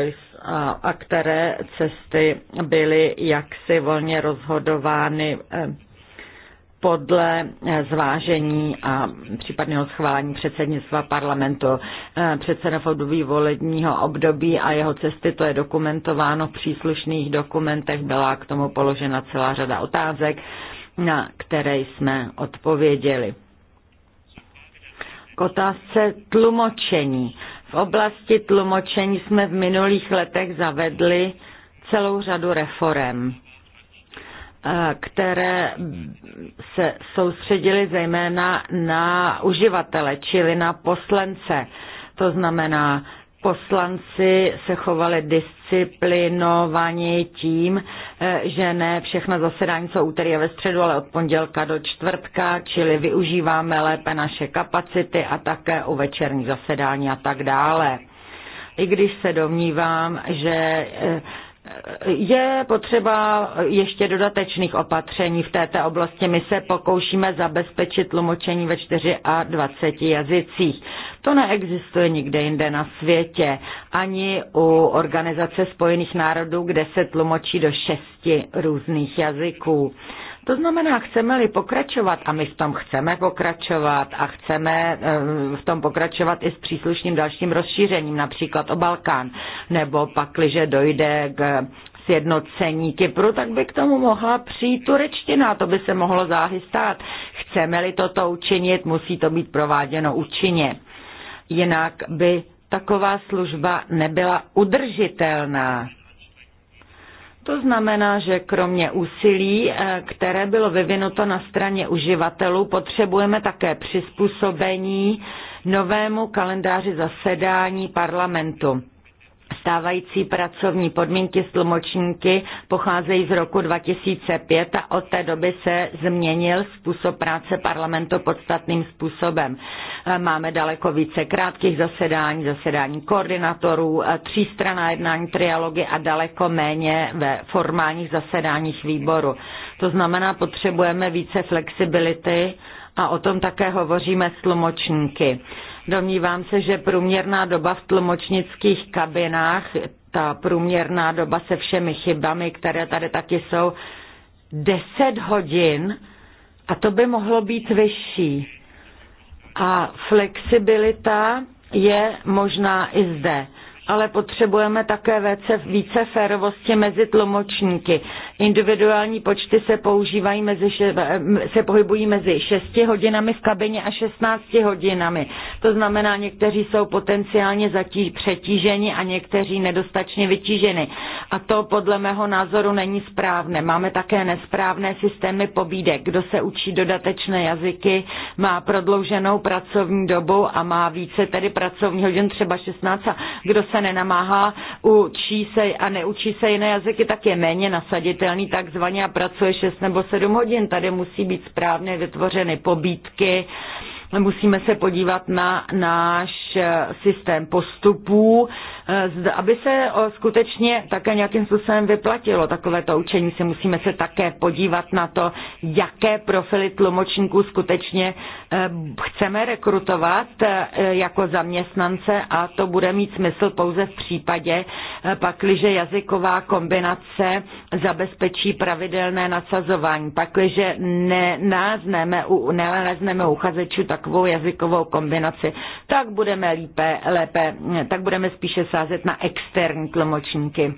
a které cesty byly jaksi volně rozhodovány eh, podle eh, zvážení a případného schválení předsednictva parlamentu eh, předseda období volebního období a jeho cesty, to je dokumentováno v příslušných dokumentech, byla k tomu položena celá řada otázek, na které jsme odpověděli. K otázce tlumočení. V oblasti tlumočení jsme v minulých letech zavedli celou řadu reform Eh, které se soustředily zejména na uživatele, čili na poslance. To znamená, poslanci se chovali disciplinovaně tím, eh, že ne všechna zasedání jsou úterý a ve středu, ale od pondělka do čtvrtka, čili využíváme lépe naše kapacity a také u večerní zasedání a tak dále. I když se domnívám, že eh, je potřeba ještě dodatečných opatření v této oblasti. My se pokoušíme zabezpečit tlumočení ve 24 jazycích. To neexistuje nikde jinde na světě, ani u Organizace spojených národů, kde se tlumočí do šesti různých jazyků. To znamená, chceme-li pokračovat, a my v tom chceme pokračovat a chceme eh, v tom pokračovat i s příslušným dalším rozšířením, například o Balkán, nebo pak, když dojde k sjednocení Kypru, tak by k tomu mohla přijít turečtina, to by se mohlo záhy stát. Chceme-li toto učinit, musí to být prováděno účinně. Jinak by taková služba nebyla udržitelná. To znamená, že kromě úsilí, eh, které bylo vyvinuto na straně uživatelů, potřebujeme také přizpůsobení novému kalendáři zasedání parlamentu. Stávající pracovní podmínky s tlumočníky pocházejí z roku 2005 a od té doby se změnil způsob práce parlamentu podstatným způsobem. Eh, máme daleko více krátkých zasedání, zasedání koordinatorů, eh, třístraná jednání, trialogy a daleko méně ve formálních zasedáních výboru. To znamená, potřebujeme více flexibility a o tom také hovoříme s tlumočníky. Domnívám se, že průměrná doba v tlumočnických kabinách, ta průměrná doba se všemi chybami, které tady taky jsou, 10 hodin a to by mohlo být vyšší. A flexibilita je možná i zde ale potřebujeme také více, více férovosti mezi tlumočníky. Individuální počty se používají mezi, se pohybují mezi 6 hodinami v kabině a 16 hodinami. To znamená, někteří jsou potenciálně zatí, přetíženi a někteří nedostačně vytíženi. A to podle mého názoru není správné. Máme také nesprávné systémy pobídek. Kdo se učí dodatečné jazyky, má prodlouženou pracovní dobu a má více tedy pracovní hodin, třeba 16. A kdo se se nenamáhá, učí se a neučí se jiné jazyky, tak je méně nasaditelný takzvaně a pracuje 6 nebo 7 hodin. Tady musí být správně vytvořeny pobídky, musíme se podívat na náš eh, systém postupů, eh, aby se skutečně také nějakým způsobem vyplatilo takovéto učení. Si musíme se také podívat na to, jaké profily tlumočníků skutečně eh, chceme rekrutovat jako zaměstnance a to bude mít smysl pouze v případě, Eh, pakliže jazyková kombinace zabezpečí pravidelné nasazování, pakliže nenázneme, nenalezneme uchazečů takovou jazykovou kombinaci, tak budeme lípe, lépe, eh, tak budeme spíše sázet na externí tlumočníky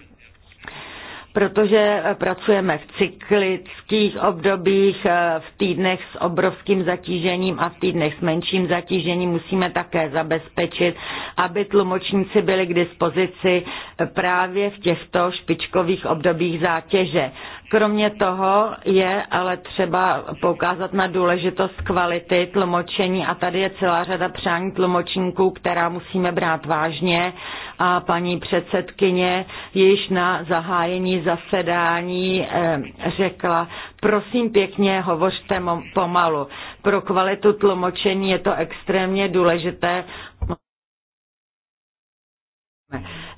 protože pracujeme v cyklických obdobích, eh, v týdnech s obrovským zatížením a v týdnech s menším zatížením musíme také zabezpečit, aby tlumočníci byli k dispozici eh, právě v těchto špičkových obdobích zátěže. Kromě toho je ale třeba poukázat na důležitost kvality tlumočení a tady je celá řada přání tlumočníků, která musíme brát vážně a paní předsedkyně již na zahájení zasedání eh, řekla, prosím pěkně, hovořte pomalu. Pro kvalitu tlumočení je to extrémně důležité.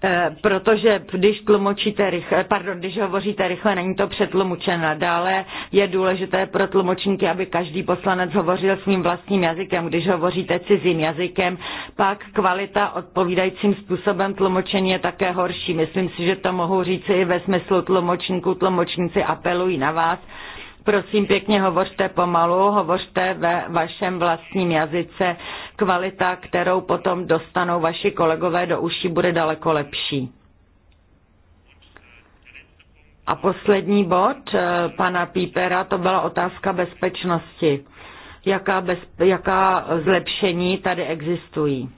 Eh, protože když tlumočíte rychle, eh, pardon, když hovoříte rychle, není to přetlumočeno. Dále je důležité pro tlumočníky, aby každý poslanec hovořil svým vlastním jazykem. Když hovoříte cizím jazykem, pak kvalita odpovídajícím způsobem tlumočení je také horší. Myslím si, že to mohu říci i ve smyslu tlumočníků. Tlumočníci apelují na vás, Prosím pěkně, hovořte pomalu, hovořte ve vašem vlastním jazyce. Kvalita, kterou potom dostanou vaši kolegové do uší, bude daleko lepší. A poslední bod eh, pana Pípera, to byla otázka bezpečnosti. Jaká, bez, jaká zlepšení tady existují?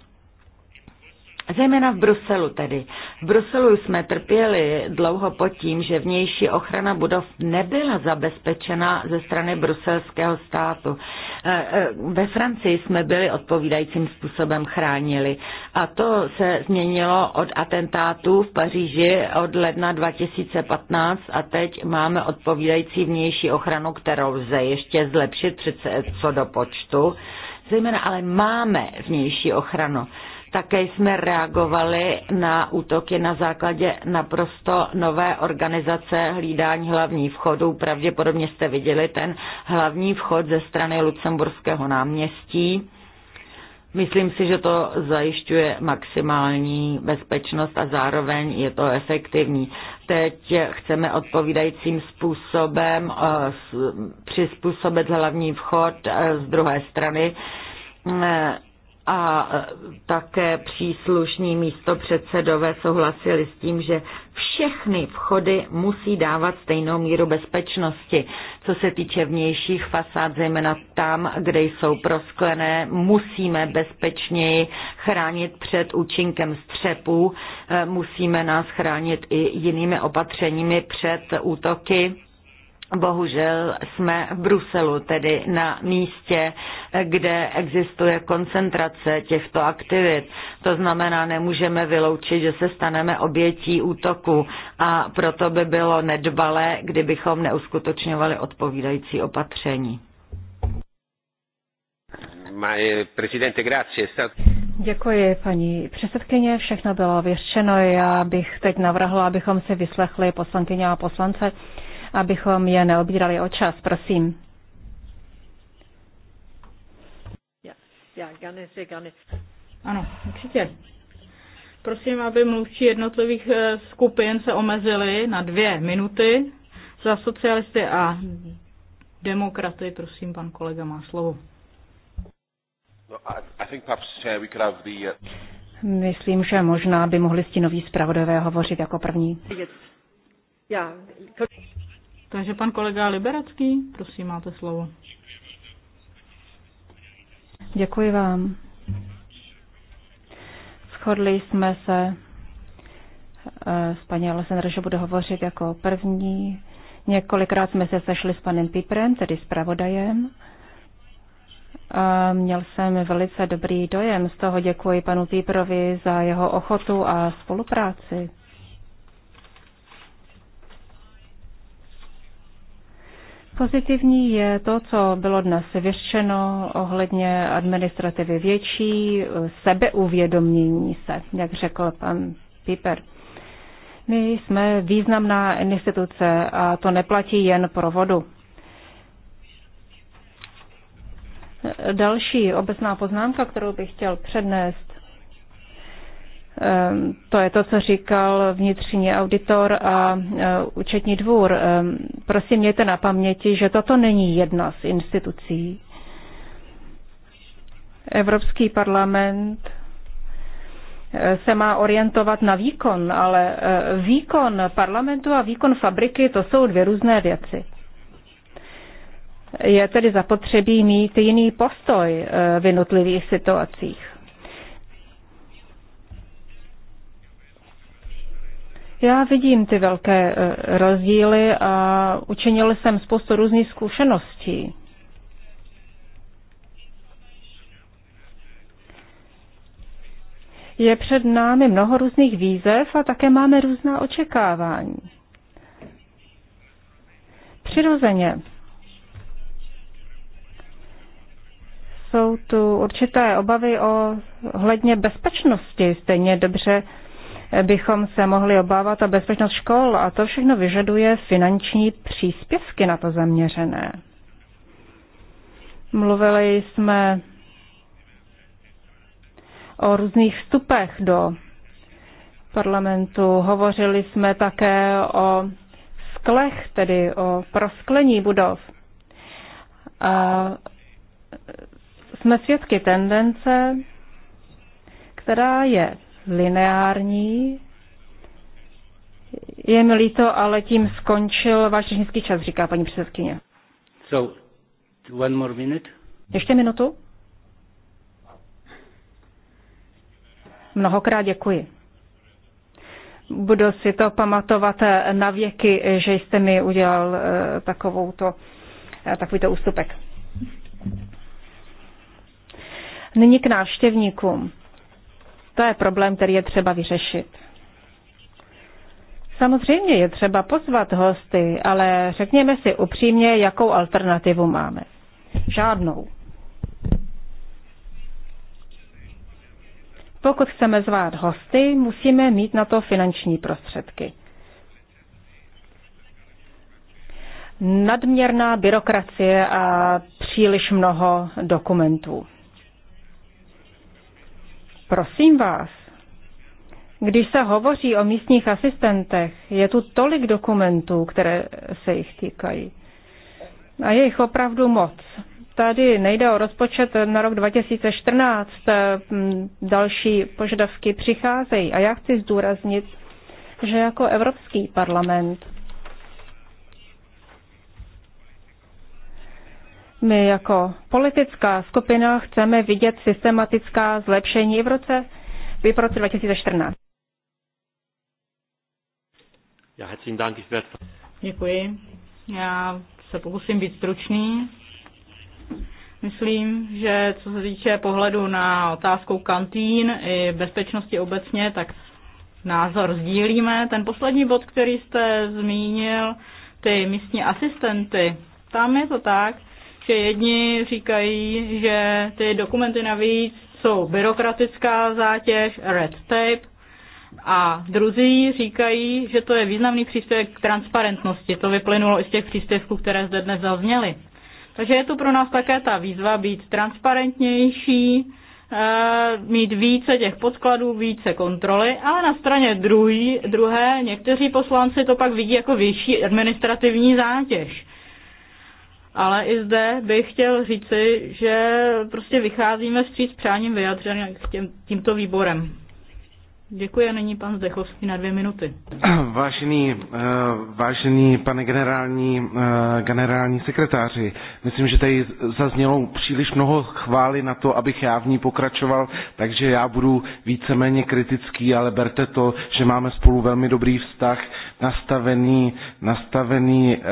Zejména v Bruselu tedy. V Bruselu jsme trpěli dlouho pod tím, že vnější ochrana budov nebyla zabezpečena ze strany bruselského státu. E, e, ve Francii jsme byli odpovídajícím způsobem chránili. A to se změnilo od atentátů v Paříži od ledna 2015 a teď máme odpovídající vnější ochranu, kterou lze ještě zlepšit přece co do počtu. Zejména ale máme vnější ochranu. Také jsme reagovali na útoky na základě naprosto nové organizace hlídání hlavní vchodu. Pravděpodobně jste viděli ten hlavní vchod ze strany Lucemburského náměstí. Myslím si, že to zajišťuje maximální bezpečnost a zároveň je to efektivní. Teď chceme odpovídajícím způsobem eh, přizpůsobit hlavní vchod eh, z druhé strany eh, a e, také příslušní místopředsedové souhlasili s tím, že všechny vchody musí dávat stejnou míru bezpečnosti. Co se týče vnějších fasád, zejména tam, kde jsou prosklené, musíme bezpečněji chránit před účinkem střepů, e, musíme nás chránit i jinými opatřeními před útoky Bohužel jsme v Bruselu, tedy na místě, kde existuje koncentrace těchto aktivit. To znamená, nemůžeme vyloučit, že se staneme obětí útoku a proto by bylo nedbalé, kdybychom neuskutočňovali odpovídající opatření. Eh, Děkuji, paní předsedkyně. Všechno bylo vyřešeno. Já bych teď navrhla, abychom si vyslechli poslankyně a poslance abychom je neobírali o čas. Prosím. Ano, určitě. Prosím, aby mluvčí jednotlivých eh, skupin se omezili na dvě minuty. Za socialisty a demokraty, prosím, pan kolega má slovo. Uh, Myslím, že možná by mohli stínoví zpravodové hovořit jako první. Takže pan kolega Liberecký, prosím, máte slovo. Děkuji vám. Shodli jsme se eh, s paní Alessandra, že bude hovořit jako první. Několikrát jsme se sešli s panem Piprem, tedy s pravodajem. A měl jsem velice dobrý dojem z toho. Děkuji panu Píprovi za jeho ochotu a spolupráci. Pozitivní je to, co bylo dnes vyřčeno ohledně administrativy větší, sebeuvědomění se, jak řekl pan Piper. My jsme významná instituce a to neplatí jen pro vodu. Další obecná poznámka, kterou bych chtěl přednést, Ehm, to je to, co říkal vnitřní auditor a e, účetní dvůr. Ehm, prosím, mějte na paměti, že toto není jedna z institucí. Evropský parlament e, se má orientovat na výkon, ale e, výkon parlamentu a výkon fabriky to jsou dvě různé věci. Je tedy zapotřebí mít jiný postoj v jednotlivých situacích. Já vidím ty velké eh, rozdíly a učinil jsem spoustu různých zkušeností. Je před námi mnoho různých výzev a také máme různá očekávání. Přirozeně jsou tu určité obavy o hledně bezpečnosti, stejně dobře bychom se mohli obávat o bezpečnost škol a to všechno vyžaduje finanční příspěvky na to zaměřené. Mluvili jsme o různých vstupech do parlamentu. Hovořili jsme také o sklech, tedy o prosklení budov. A jsme svědky tendence, která je lineární. Je mi líto, ale tím skončil váš řečnický čas, říká paní předsedkyně. So, one more minute. Ještě minutu? Mnohokrát děkuji. Budu si to pamatovat na věky, že jste mi udělal eh, takovouto, eh, takovýto ústupek. Nyní k návštěvníkům. To je problém, který je třeba vyřešit. Samozřejmě je třeba pozvat hosty, ale řekněme si upřímně, jakou alternativu máme. Žádnou. Pokud chceme zvát hosty, musíme mít na to finanční prostředky. Nadměrná byrokracie a příliš mnoho dokumentů. Prosím vás, když se hovoří o místních asistentech, je tu tolik dokumentů, které se jich týkají. A je jich opravdu moc. Tady nejde o rozpočet na rok 2014, eh, další požadavky přicházejí. A já chci zdůraznit, že jako Evropský parlament My jako politická skupina chceme vidět systematická zlepšení v roce, v roce 2014. Já Děkuji. Já se pokusím být stručný. Myslím, že co se týče pohledu na otázku kantín i bezpečnosti obecně, tak názor sdílíme. Ten poslední bod, který jste zmínil, ty místní asistenty, tam je to tak, že jedni říkají, že ty dokumenty navíc jsou byrokratická zátěž, red tape, a druzí říkají, že to je významný příspěvek k transparentnosti. To vyplynulo i z těch příspěvků, které zde dnes zazněly. Takže je to pro nás také ta výzva být transparentnější, eh, mít více těch podkladů, více kontroly, ale na straně druhý, druhé někteří poslanci to pak vidí jako vyšší administrativní zátěž. Ale i zde bych chtěl říci, že prostě vycházíme vstříc přáním vyjadřeným tímto výborem. Děkuji a nyní pan Zdechovský na dvě minuty. <clears throat> Vážený, eh, vážený pane generální, eh, generální sekretáři, myslím, že tady zaznělo příliš mnoho chvály na to, abych já v ní pokračoval, takže já budu víceméně kritický, ale berte to, že máme spolu velmi dobrý vztah, nastavený, nastavený eh,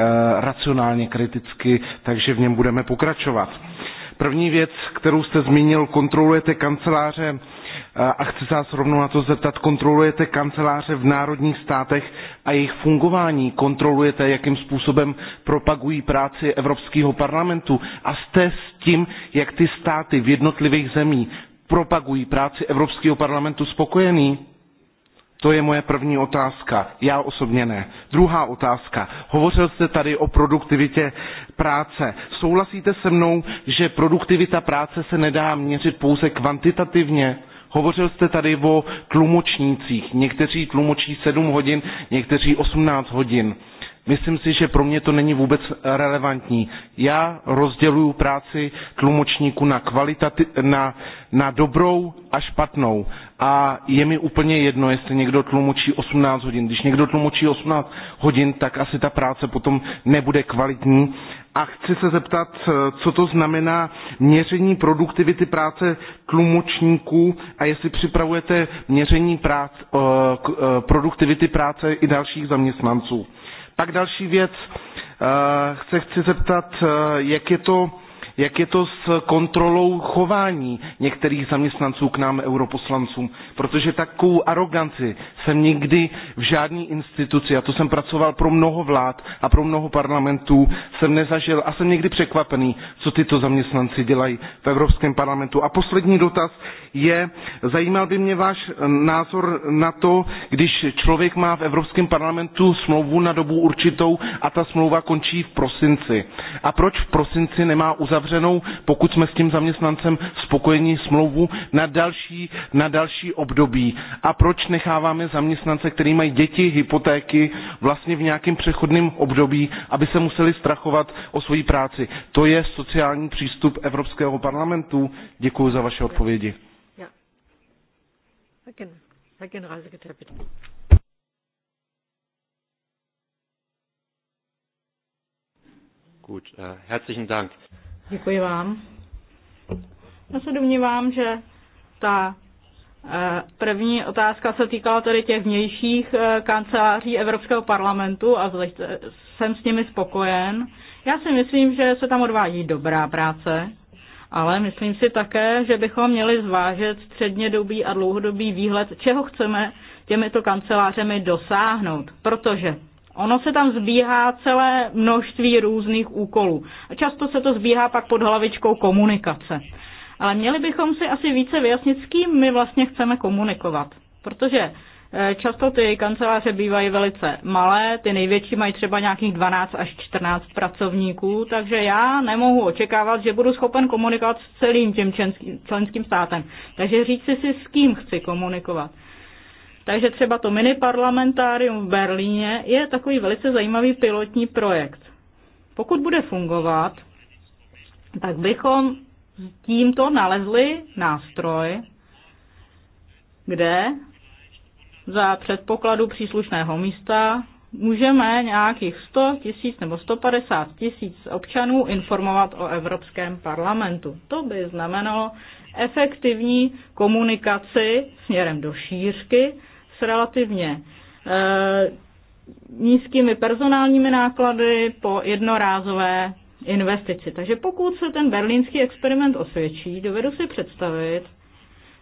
racionálně kriticky, takže v něm budeme pokračovat. První věc, kterou jste zmínil, kontrolujete kanceláře Eh, a chci se vás rovnou na to zeptat, kontrolujete kanceláře v národních státech a jejich fungování, kontrolujete, jakým způsobem propagují práci Evropského parlamentu a jste s tím, jak ty státy v jednotlivých zemích propagují práci Evropského parlamentu spokojený? To je moje první otázka. Já osobně ne. Druhá otázka. Hovořil jste tady o produktivitě práce. Souhlasíte se mnou, že produktivita práce se nedá měřit pouze kvantitativně? Hovořil jste tady o tlumočnících. Někteří tlumočí 7 hodin, někteří 18 hodin Myslím si, že pro mě to není vůbec relevantní. Já rozděluju práci tlumočníku na, kvalitati- na, na dobrou a špatnou. A je mi úplně jedno, jestli někdo tlumočí 18 hodin. Když někdo tlumočí 18 hodin, tak asi ta práce potom nebude kvalitní. A chci se zeptat, co to znamená měření produktivity práce tlumočníků a jestli připravujete měření práce, eh, eh, produktivity práce i dalších zaměstnanců. Pak další věc, eh, chci, se zeptat, eh, jak je to jak je to s kontrolou chování některých zaměstnanců k nám, europoslancům? Protože takovou aroganci jsem nikdy v žádné instituci, a to jsem pracoval pro mnoho vlád a pro mnoho parlamentů, jsem nezažil a jsem někdy překvapený, co tyto zaměstnanci dělají v Evropském parlamentu. A poslední dotaz je, zajímal by mě váš názor na to, když člověk má v Evropském parlamentu smlouvu na dobu určitou a ta smlouva končí v prosinci. A proč v prosinci nemá uzavřenou uzavřenou, pokud jsme s tím zaměstnancem spokojeni smlouvu na další, na další období. A proč necháváme zaměstnance, který mají děti, hypotéky, vlastně v nějakém přechodném období, aby se museli strachovat o svoji práci. To je sociální přístup Evropského parlamentu. Děkuji za vaše odpovědi. Gut, äh, herzlichen Dank. Děkuji vám. Já se domnívám, že ta eh, První otázka se týkala tedy těch vnějších eh, kanceláří Evropského parlamentu a jsem s nimi spokojen. Já si myslím, že se tam odvádí dobrá práce, ale myslím si také, že bychom měli zvážit střednědobý a dlouhodobý výhled, čeho chceme těmito kancelářemi dosáhnout, protože Ono se tam zbíhá celé množství různých úkolů. A často se to zbíhá pak pod hlavičkou komunikace. Ale měli bychom si asi více vyjasnit, s kým my vlastně chceme komunikovat. Protože eh, často ty kanceláře bývají velice malé, ty největší mají třeba nějakých 12 až 14 pracovníků, takže já nemohu očekávat, že budu schopen komunikovat s celým tím členským státem. Takže říci si, s kým chci komunikovat. Takže třeba to mini parlamentárium v Berlíně je takový velice zajímavý pilotní projekt. Pokud bude fungovat, tak bychom tímto nalezli nástroj, kde za předpokladu příslušného místa můžeme nějakých 100 tisíc nebo 150 tisíc občanů informovat o Evropském parlamentu. To by znamenalo efektivní komunikaci směrem do šířky relativně relativně eh, nízkými personálními náklady po jednorázové investici. Takže pokud se ten berlínský experiment osvědčí, dovedu si představit,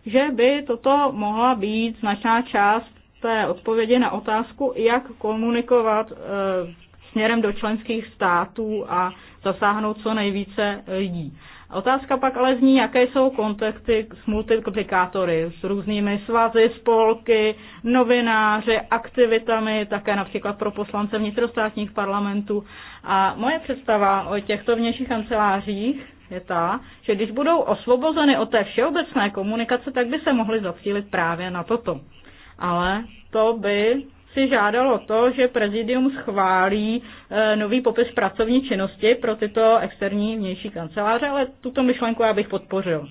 že by toto mohla být značná část té odpovědi na otázku, jak komunikovat eh, směrem do členských států a zasáhnout co nejvíce lidí. Otázka pak ale zní, jaké jsou kontakty s multiplikátory, s různými svazy, spolky, novináři, aktivitami, také například pro poslance vnitrostátních parlamentů. A moje představa o těchto vnějších kancelářích je ta, že když budou osvobozeny od té všeobecné komunikace, tak by se mohly zacílit právě na toto. Ale to by si žádalo to, že prezidium schválí e, nový popis pracovní činnosti pro tyto externí vnější kanceláře, ale tuto myšlenku já bych podpořil.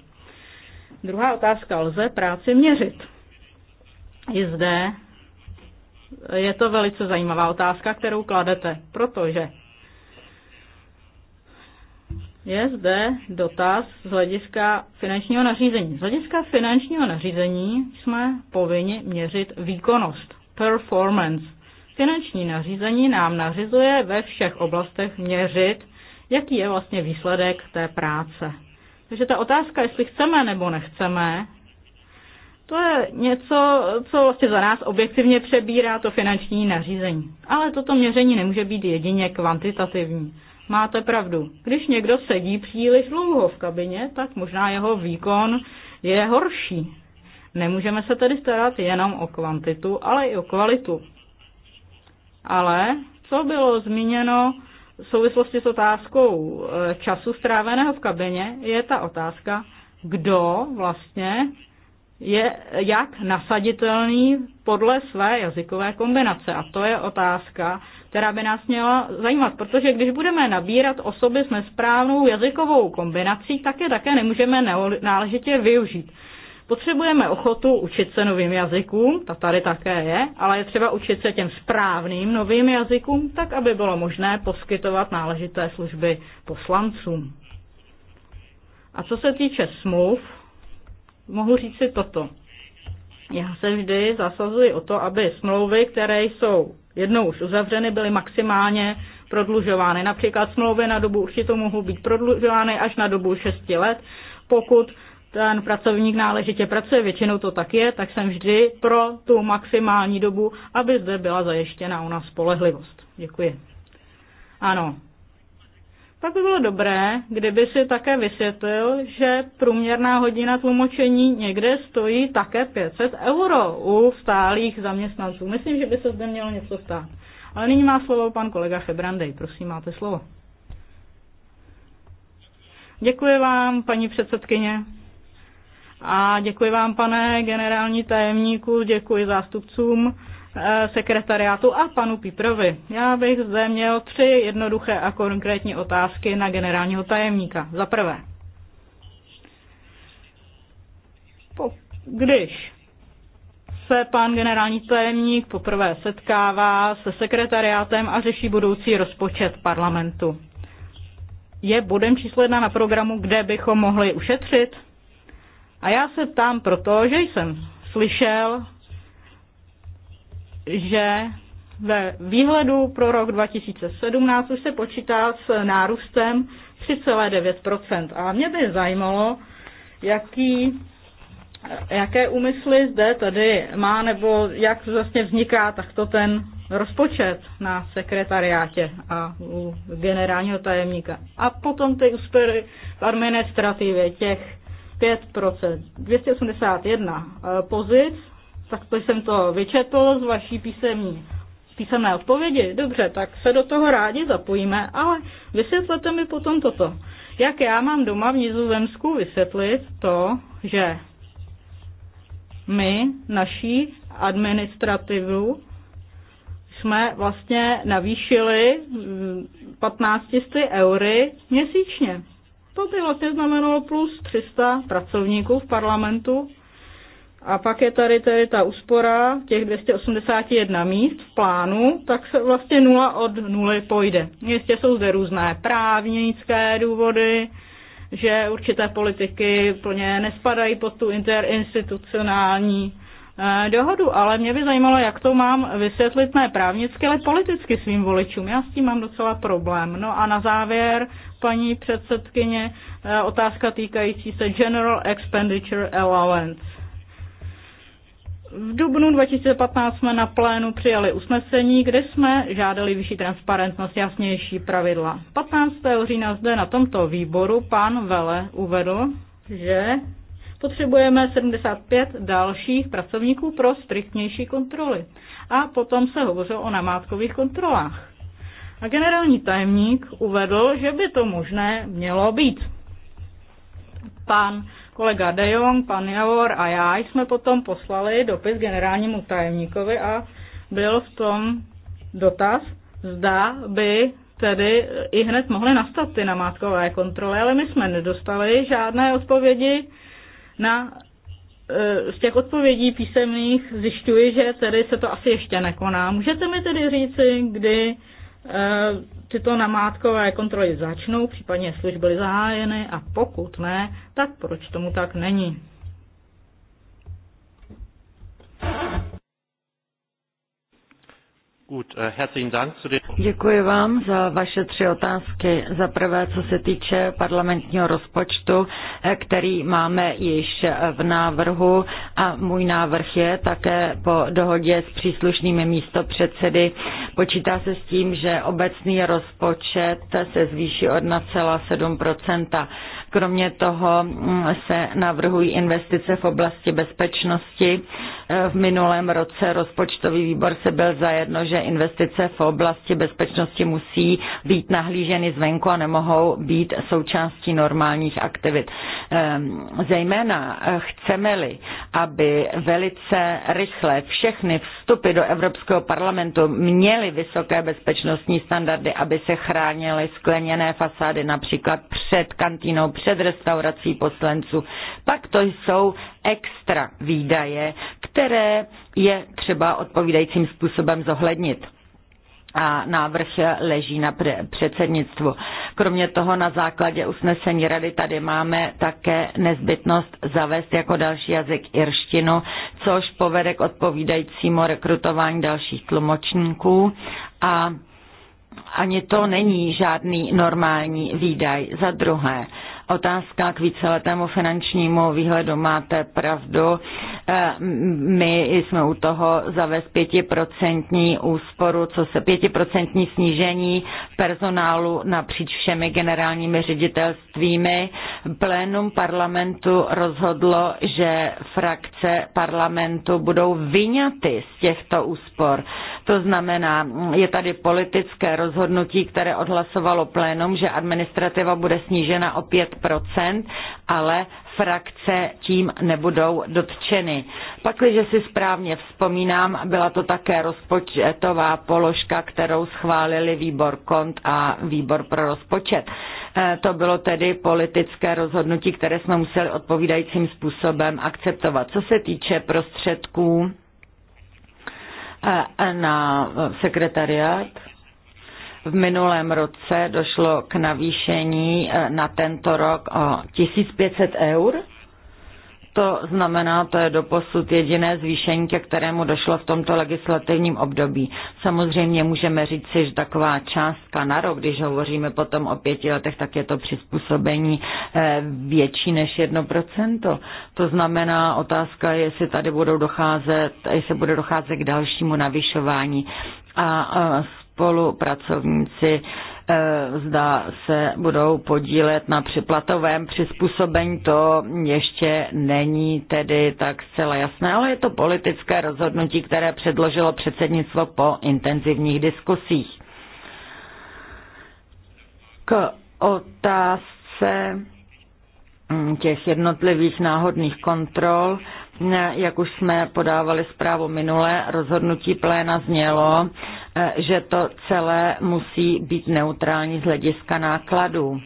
Druhá otázka, lze práci měřit? I zde je to velice zajímavá otázka, kterou kladete, protože je zde dotaz z hlediska finančního nařízení. Z hlediska finančního nařízení jsme povinni měřit výkonnost performance. Finanční nařízení nám nařizuje ve všech oblastech měřit, jaký je vlastně výsledek té práce. Takže ta otázka, jestli chceme nebo nechceme, to je něco, co vlastně za nás objektivně přebírá to finanční nařízení. Ale toto měření nemůže být jedině kvantitativní. Máte pravdu. Když někdo sedí příliš dlouho v kabině, tak možná jeho výkon je horší. Nemůžeme se tedy starat jenom o kvantitu, ale i o kvalitu. Ale co bylo zmíněno v souvislosti s otázkou eh, času stráveného v kabině, je ta otázka, kdo vlastně je jak nasaditelný podle své jazykové kombinace. A to je otázka, která by nás měla zajímat, protože když budeme nabírat osoby s nesprávnou jazykovou kombinací, tak je také nemůžeme náležitě využít. Potřebujeme ochotu učit se novým jazykům, ta tady také je, ale je třeba učit se těm správným novým jazykům, tak aby bylo možné poskytovat náležité služby poslancům. A co se týče smluv, mohu říct si toto. Já se vždy zasazuji o to, aby smlouvy, které jsou jednou už uzavřeny, byly maximálně prodlužovány. Například smlouvy na dobu určitou mohou být prodlužovány až na dobu 6 let, pokud ten pracovník náležitě pracuje, většinou to tak je, tak jsem vždy pro tu maximální dobu, aby zde byla zajištěna ona spolehlivost. Děkuji. Ano. Pak by bylo dobré, kdyby si také vysvětlil, že průměrná hodina tlumočení někde stojí také 500 euro u stálých zaměstnanců. Myslím, že by se zde mělo něco stát. Ale nyní má slovo pan kolega Febrandej. Prosím, máte slovo. Děkuji vám, paní předsedkyně. A děkuji vám, pane generální tajemníku, děkuji zástupcům eh, sekretariátu a panu Piprovi. Já bych zde měl tři jednoduché a konkrétní otázky na generálního tajemníka. Za prvé, když se pan generální tajemník poprvé setkává se sekretariátem a řeší budoucí rozpočet parlamentu. Je bodem číslo jedna na programu, kde bychom mohli ušetřit? A já se ptám proto, že jsem slyšel, že ve výhledu pro rok 2017 už se počítá s nárůstem 3,9 A mě by zajímalo, jaký, jaké úmysly zde tady má, nebo jak vlastně vzniká takto ten rozpočet na sekretariátě a u generálního tajemníka. A potom ty úspory v administrativě těch 5%. 281 eh, pozic, tak to jsem to vyčetl z vaší písemní, písemné odpovědi. Dobře, tak se do toho rádi zapojíme, ale vysvětlete mi potom toto. Jak já mám doma v Nizozemsku vysvětlit to, že my, naší administrativu, jsme vlastně navýšili 15 mm, eury měsíčně. To by vlastně znamenalo plus 300 pracovníků v parlamentu. A pak je tady tady ta úspora těch 281 míst v plánu, tak se vlastně nula od nuly pojde. Jistě jsou zde různé právnické důvody, že určité politiky plně nespadají pod tu interinstitucionální Eh, dohodu, ale mě by zajímalo, jak to mám vysvětlit ne právnicky, ale politicky svým voličům. Já s tím mám docela problém. No a na závěr, paní předsedkyně, eh, otázka týkající se General Expenditure Allowance. V dubnu 2015 jsme na plénu přijali usnesení, kde jsme žádali vyšší transparentnost, jasnější pravidla. 15. října zde na tomto výboru pan Vele uvedl, že Potřebujeme 75 dalších pracovníků pro striktnější kontroly. A potom se hovořilo o namátkových kontrolách. A generální tajemník uvedl, že by to možné mělo být. Pan kolega De Jong, pan Javor a já jsme potom poslali dopis generálnímu tajemníkovi a byl v tom dotaz, zda by tedy i hned mohly nastat ty namátkové kontroly, ale my jsme nedostali žádné odpovědi, na e, z těch odpovědí písemných zjišťuji, že tedy se to asi ještě nekoná. Můžete mi tedy říci, kdy e, tyto namátkové kontroly začnou, případně jestli už byly zahájeny a pokud ne, tak proč tomu tak není? Äh, Děkuji vám za vaše tři otázky. Za prvé, co se týče parlamentního rozpočtu, eh, který máme již eh, v návrhu a můj návrh je také po dohodě s příslušnými místopředsedy. Počítá se s tím, že obecný rozpočet se zvýší od 1,7 Kromě toho mm, se navrhují investice v oblasti bezpečnosti. E, v minulém roce rozpočtový výbor se byl zajedno, že investice v oblasti bezpečnosti musí být nahlíženy zvenku a nemohou být součástí normálních aktivit. E, zejména e, chceme-li, aby velice rychle všechny vstupy do Evropského parlamentu měly vysoké bezpečnostní standardy, aby se chránily skleněné fasády například před kantínou, před restaurací poslanců. Pak to jsou extra výdaje, které je třeba odpovídajícím způsobem zohlednit a návrh leží na předsednictvu. Kromě toho na základě usnesení rady tady máme také nezbytnost zavést jako další jazyk irštinu, což povede k odpovídajícímu rekrutování dalších tlumočníků a ani to není žádný normální výdaj. Za druhé, Otázka k víceletému finančnímu výhledu. Máte pravdu, my jsme u toho zavést pětiprocentní úsporu, co se pětiprocentní snížení personálu napříč všemi generálními ředitelstvími. Plénum parlamentu rozhodlo, že frakce parlamentu budou vyňaty z těchto úspor. To znamená, je tady politické rozhodnutí, které odhlasovalo plénum, že administrativa bude snížena o 5%, ale frakce tím nebudou dotčeny. Pakliže si správně vzpomínám, byla to také rozpočtová položka, kterou schválili výbor kont a výbor pro rozpočet. E, to bylo tedy politické rozhodnutí, které jsme museli odpovídajícím způsobem akceptovat. Co se týče prostředků e, na sekretariát, v minulém roce došlo k navýšení eh, na tento rok o 1500 eur. To znamená, to je doposud jediné zvýšení, ke kterému došlo v tomto legislativním období. Samozřejmě můžeme říci, že taková částka na rok, když hovoříme potom o pěti letech, tak je to přizpůsobení eh, větší než jedno procento. To znamená, otázka je, jestli tady budou docházet, jestli bude docházet k dalšímu navyšování. A eh, spolupracovníci eh, zda se budou podílet na připlatovém přizpůsobení, to ještě není tedy tak zcela jasné, ale je to politické rozhodnutí, které předložilo předsednictvo po intenzivních diskusích. K otázce hm, těch jednotlivých náhodných kontrol jak už jsme podávali zprávu minule, rozhodnutí pléna znělo, eh, že to celé musí být neutrální z hlediska nákladů.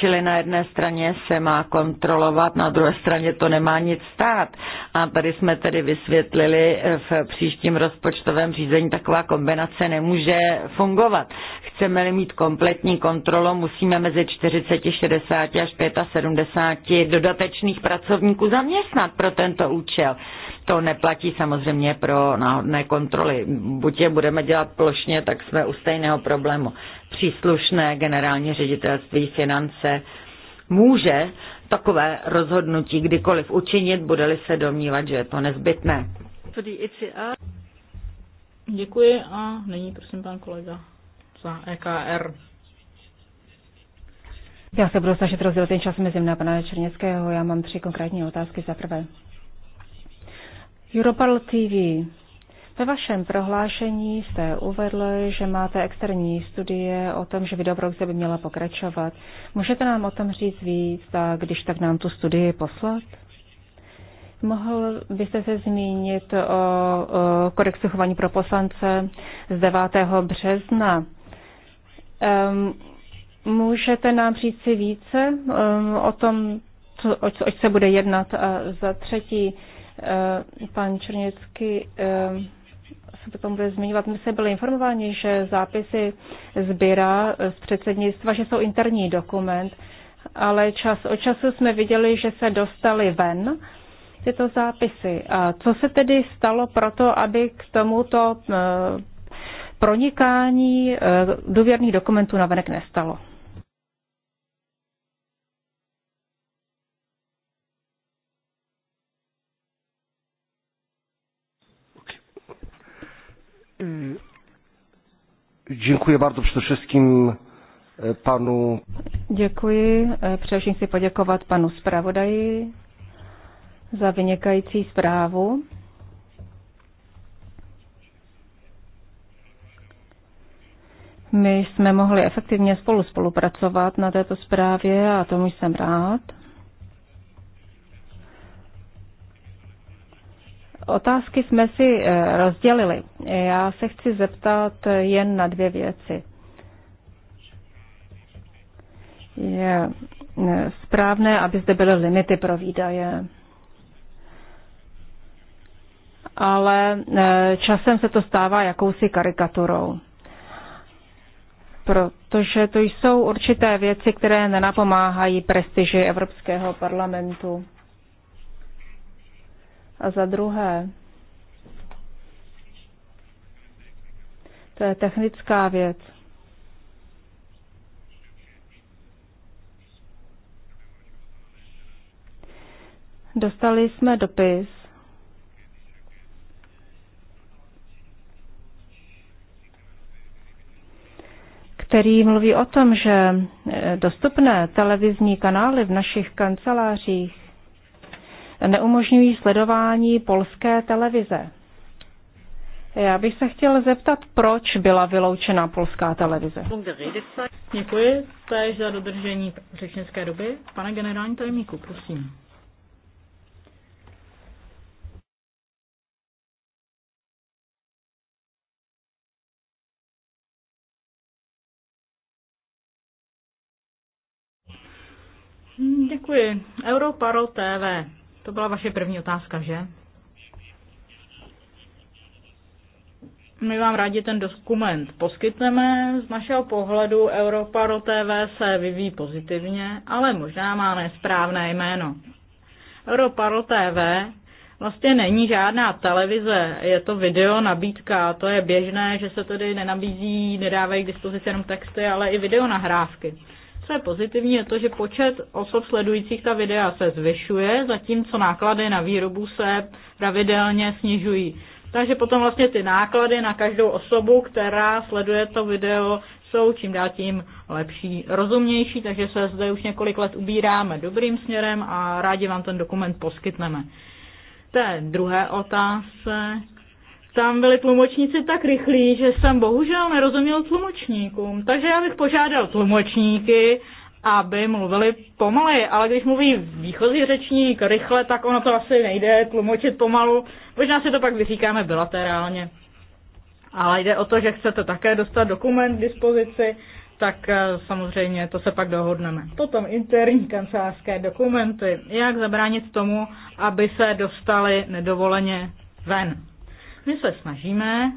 Čili na jedné straně se má kontrolovat, na druhé straně to nemá nic stát. A tady jsme tedy vysvětlili v příštím rozpočtovém řízení, taková kombinace nemůže fungovat. Chceme-li mít kompletní kontrolu, musíme mezi 40, 60 až 75 dodatečných pracovníků zaměstnat pro tento účel. To neplatí samozřejmě pro náhodné kontroly. Buď je budeme dělat plošně, tak jsme u stejného problému. Příslušné generální ředitelství finance může takové rozhodnutí kdykoliv učinit, bude-li se domnívat, že je to nezbytné. Děkuji a nyní prosím pan kolega za EKR. Já se budu snažit rozdělit ten čas mezi mnou a pana Černického. Já mám tři konkrétní otázky. Za prvé, Europarl TV. Ve vašem prohlášení jste uvedl, že máte externí studie o tom, že videoprodukce by měla pokračovat. Můžete nám o tom říct víc a když tak nám tu studii poslat? Mohl byste se zmínit o, o kodexu chování pro poslance z 9. března. Um, můžete nám říct si více um, o tom, co, o, co se bude jednat? A za třetí, Eh, pan Černěcký eh, se potom bude zmiňovat. My jsme byli informováni, že zápisy sběra eh, z předsednictva, že jsou interní dokument, ale čas od času jsme viděli, že se dostali ven tyto zápisy. A co se tedy stalo proto, aby k tomuto pronikání důvěrných dokumentů navenek nestalo? Děkuji bardzo przede wszystkim e, panu. Děkuji. E, Především si poděkovat panu zpravodaji za vynikající zprávu. My jsme mohli efektivně spolu spolupracovat na této zprávě a tomu jsem rád. Otázky jsme si eh, rozdělili. Já se chci zeptat jen na dvě věci. Je eh, správné, aby zde byly limity pro výdaje. Ale eh, časem se to stává jakousi karikaturou protože to jsou určité věci, které nenapomáhají prestiži Evropského parlamentu. A za druhé, to je technická věc. Dostali jsme dopis, který mluví o tom, že dostupné televizní kanály v našich kancelářích neumožňují sledování polské televize. Já bych se chtěl zeptat, proč byla vyloučena polská televize. Děkuji též za dodržení řečnické doby. Pane generální tajemníku, prosím. Děkuji. Europarl TV. To byla vaše první otázka, že? My vám rádi ten dokument poskytneme. Z našeho pohledu Europaro TV se vyvíjí pozitivně, ale možná má nesprávné jméno. Europaro TV vlastně není žádná televize, je to video nabídka, to je běžné, že se tedy nenabízí, nedávají k dispozici jenom texty, ale i video nahrávky. Co je pozitivní, je to, že počet osob sledujících ta videa se zvyšuje, zatímco náklady na výrobu se pravidelně snižují. Takže potom vlastně ty náklady na každou osobu, která sleduje to video, jsou čím dál tím lepší, rozumnější, takže se zde už několik let ubíráme dobrým směrem a rádi vám ten dokument poskytneme. Té druhé otázce tam byli tlumočníci tak rychlí, že jsem bohužel nerozuměl tlumočníkům. Takže já bych požádal tlumočníky, aby mluvili pomaly, ale když mluví výchozí řečník rychle, tak ono to asi nejde tlumočit pomalu. Možná si to pak vyříkáme bilaterálně. Ale jde o to, že chcete také dostat dokument k dispozici, tak eh, samozřejmě to se pak dohodneme. Potom interní kancelářské dokumenty. Jak zabránit tomu, aby se dostali nedovoleně ven? My se snažíme,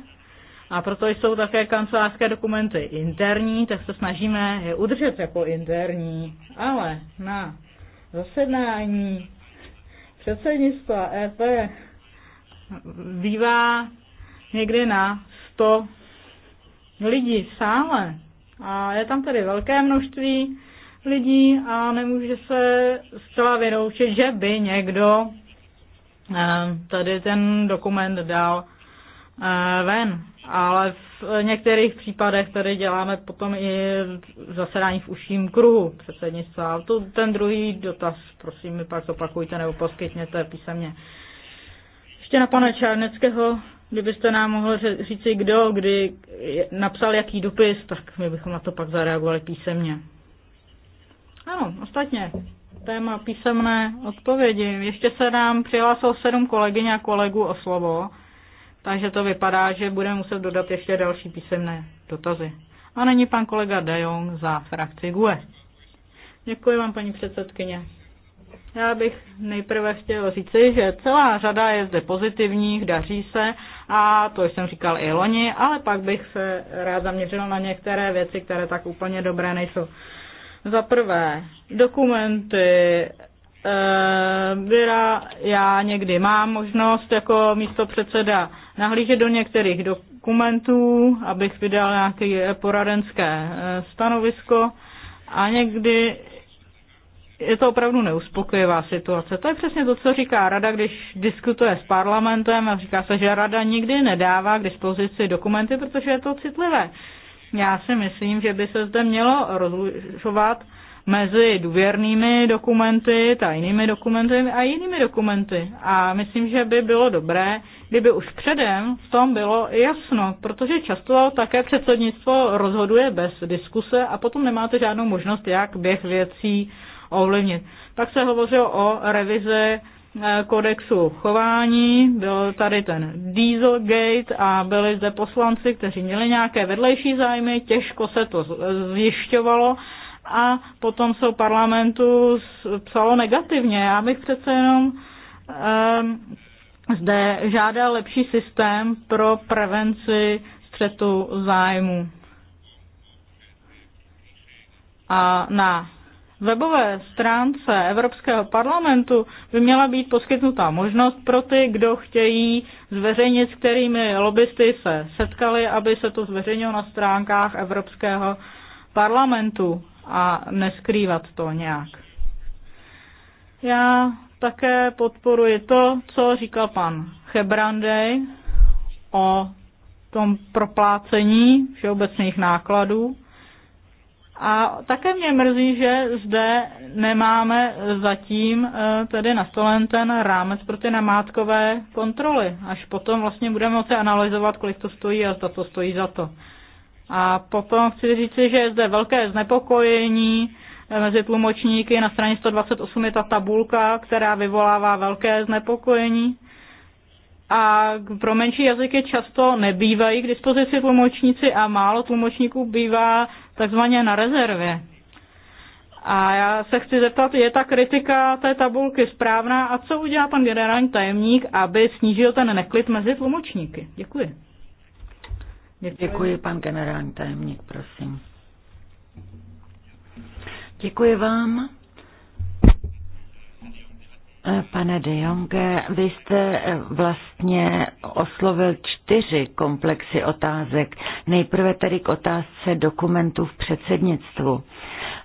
a proto jsou také kancelářské dokumenty interní, tak se snažíme je udržet jako interní. Ale na zasedání předsednictva EP bývá někdy na 100 lidí v sále. A je tam tedy velké množství lidí a nemůže se zcela vyroučit, že by někdo eh, tady ten dokument dal Eh, ven. Ale v některých případech tady děláme potom i zasedání v užším kruhu předsednictva. To, ten druhý dotaz, prosím, mi pak opakujte nebo poskytněte písemně. Ještě na pana Čárneckého, kdybyste nám mohl říci, kdo, kdy napsal jaký dopis, tak my bychom na to pak zareagovali písemně. Ano, ostatně, téma písemné odpovědi. Ještě se nám přihlásilo sedm kolegyň a kolegů o slovo takže to vypadá, že budeme muset dodat ještě další písemné dotazy. A není pan kolega De Jong za frakci GUE. Děkuji vám, paní předsedkyně. Já bych nejprve chtěl říci, že celá řada je zde pozitivních, daří se a to jsem říkal i loni, ale pak bych se rád zaměřil na některé věci, které tak úplně dobré nejsou. Za prvé, dokumenty, e, já někdy mám možnost jako místo předseda nahlížet do některých dokumentů, abych vydal nějaké eh, poradenské eh, stanovisko a někdy je to opravdu neuspokojivá situace. To je přesně to, co říká rada, když diskutuje s parlamentem a říká se, že rada nikdy nedává k dispozici dokumenty, protože je to citlivé. Já si myslím, že by se zde mělo rozlišovat mezi důvěrnými dokumenty, tajnými dokumenty a jinými dokumenty. A myslím, že by bylo dobré, kdyby už předem v tom bylo jasno, protože často také předsednictvo rozhoduje bez diskuse a potom nemáte žádnou možnost, jak běh věcí ovlivnit. Pak se hovořilo o revize eh, kodexu chování, byl tady ten Dieselgate a byli zde poslanci, kteří měli nějaké vedlejší zájmy, těžko se to zjišťovalo a potom se o parlamentu psalo negativně. Já bych přece jenom eh, zde žádá lepší systém pro prevenci střetu zájmu. A na webové stránce Evropského parlamentu by měla být poskytnutá možnost pro ty, kdo chtějí zveřejnit, s kterými lobbysty se setkali, aby se to zveřejnilo na stránkách Evropského parlamentu a neskrývat to nějak. Já také podporuji to, co říkal pan Chebrandej o tom proplácení všeobecných nákladů. A také mě mrzí, že zde nemáme zatím eh, tedy nastolen ten rámec pro ty namátkové kontroly. Až potom vlastně budeme moci analyzovat, kolik to stojí a zda to stojí za to. A potom chci říci, že je zde velké znepokojení mezi tlumočníky. Na straně 128 je ta tabulka, která vyvolává velké znepokojení. A pro menší jazyky často nebývají k dispozici tlumočníci a málo tlumočníků bývá takzvaně na rezervě. A já se chci zeptat, je ta kritika té tabulky správná a co udělá pan generální tajemník, aby snížil ten neklid mezi tlumočníky? Děkuji. Děkuji, Děkuji pan generální tajemník, prosím. Děkuji vám. Eh, pane de Jonge, vy jste eh, vlastně oslovil čtyři komplexy otázek. Nejprve tedy k otázce dokumentů v předsednictvu.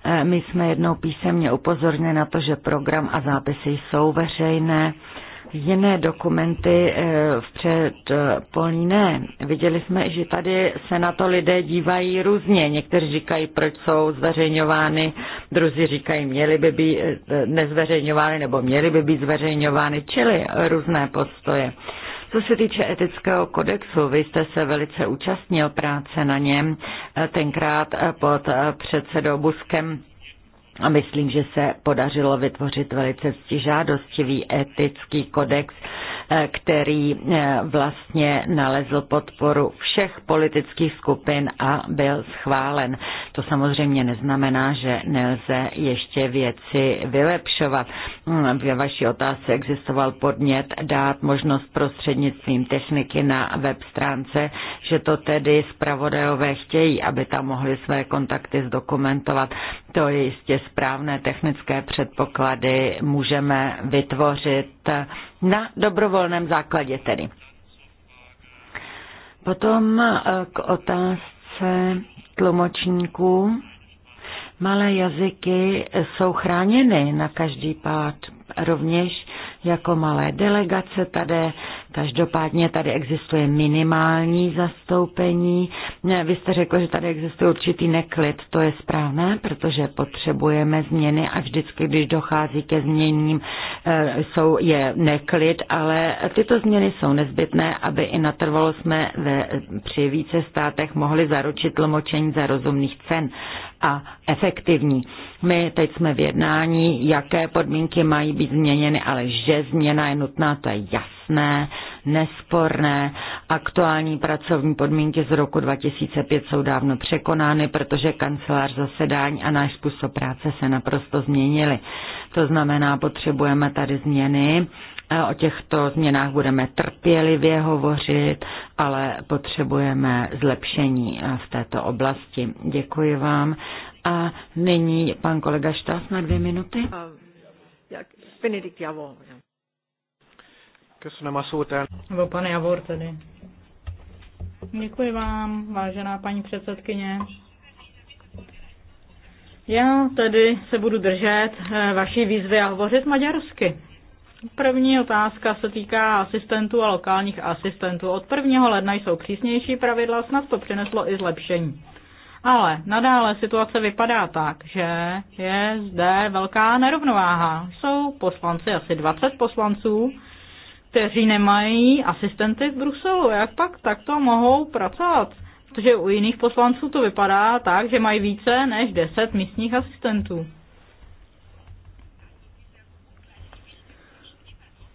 Eh, my jsme jednou písemně upozorněni na to, že program a zápisy jsou veřejné jiné dokumenty eh, v předpolí ne. Viděli jsme, že tady se na to lidé dívají různě. Někteří říkají, proč jsou zveřejňovány, druzí říkají, měly by být eh, nezveřejňovány nebo měly by být zveřejňovány, čili různé postoje. Co se týče etického kodexu, vy jste se velice účastnil práce na něm, eh, tenkrát pod předsedou Buskem a myslím, že se podařilo vytvořit velice stižádostivý etický kodex, eh, který eh, vlastně nalezl podporu všech politických skupin a byl schválen. To samozřejmě neznamená, že nelze ještě věci vylepšovat. Mm, ve vaší otázce existoval podnět dát možnost prostřednictvím techniky na web stránce, že to tedy zpravodajové chtějí, aby tam mohli své kontakty zdokumentovat. To je jistě správné technické předpoklady můžeme vytvořit na dobrovolném základě tedy. Potom eh, k otázce tlumočníků. Malé jazyky jsou chráněny na každý pád, rovněž jako malé delegace tady Každopádně tady existuje minimální zastoupení. Vy jste řekl, že tady existuje určitý neklid. To je správné, protože potřebujeme změny a vždycky, když dochází ke změním, eh, jsou, je neklid, ale tyto změny jsou nezbytné, aby i natrvalo jsme ve, při více státech mohli zaručit tlumočení za rozumných cen a efektivní. My teď jsme v jednání, jaké podmínky mají být změněny, ale že změna je nutná, to je jasné, nesporné. Aktuální pracovní podmínky z roku 2005 jsou dávno překonány, protože kancelář zasedání a náš způsob práce se naprosto změnily. To znamená, potřebujeme tady změny O těchto změnách budeme trpělivě hovořit, ale potřebujeme zlepšení v této oblasti. Děkuji vám. A nyní pan kolega Štás na dvě minuty. Benedikt Javor. Köszönöm Javor Děkuji vám, vážená paní předsedkyně. Já tedy se budu držet eh, vaší výzvy a hovořit maďarsky. První otázka se týká asistentů a lokálních asistentů. Od 1. ledna jsou přísnější pravidla, snad to přineslo i zlepšení. Ale nadále situace vypadá tak, že je zde velká nerovnováha. Jsou poslanci, asi 20 poslanců, kteří nemají asistenty v Bruselu. Jak pak takto mohou pracovat? Protože u jiných poslanců to vypadá tak, že mají více než 10 místních asistentů.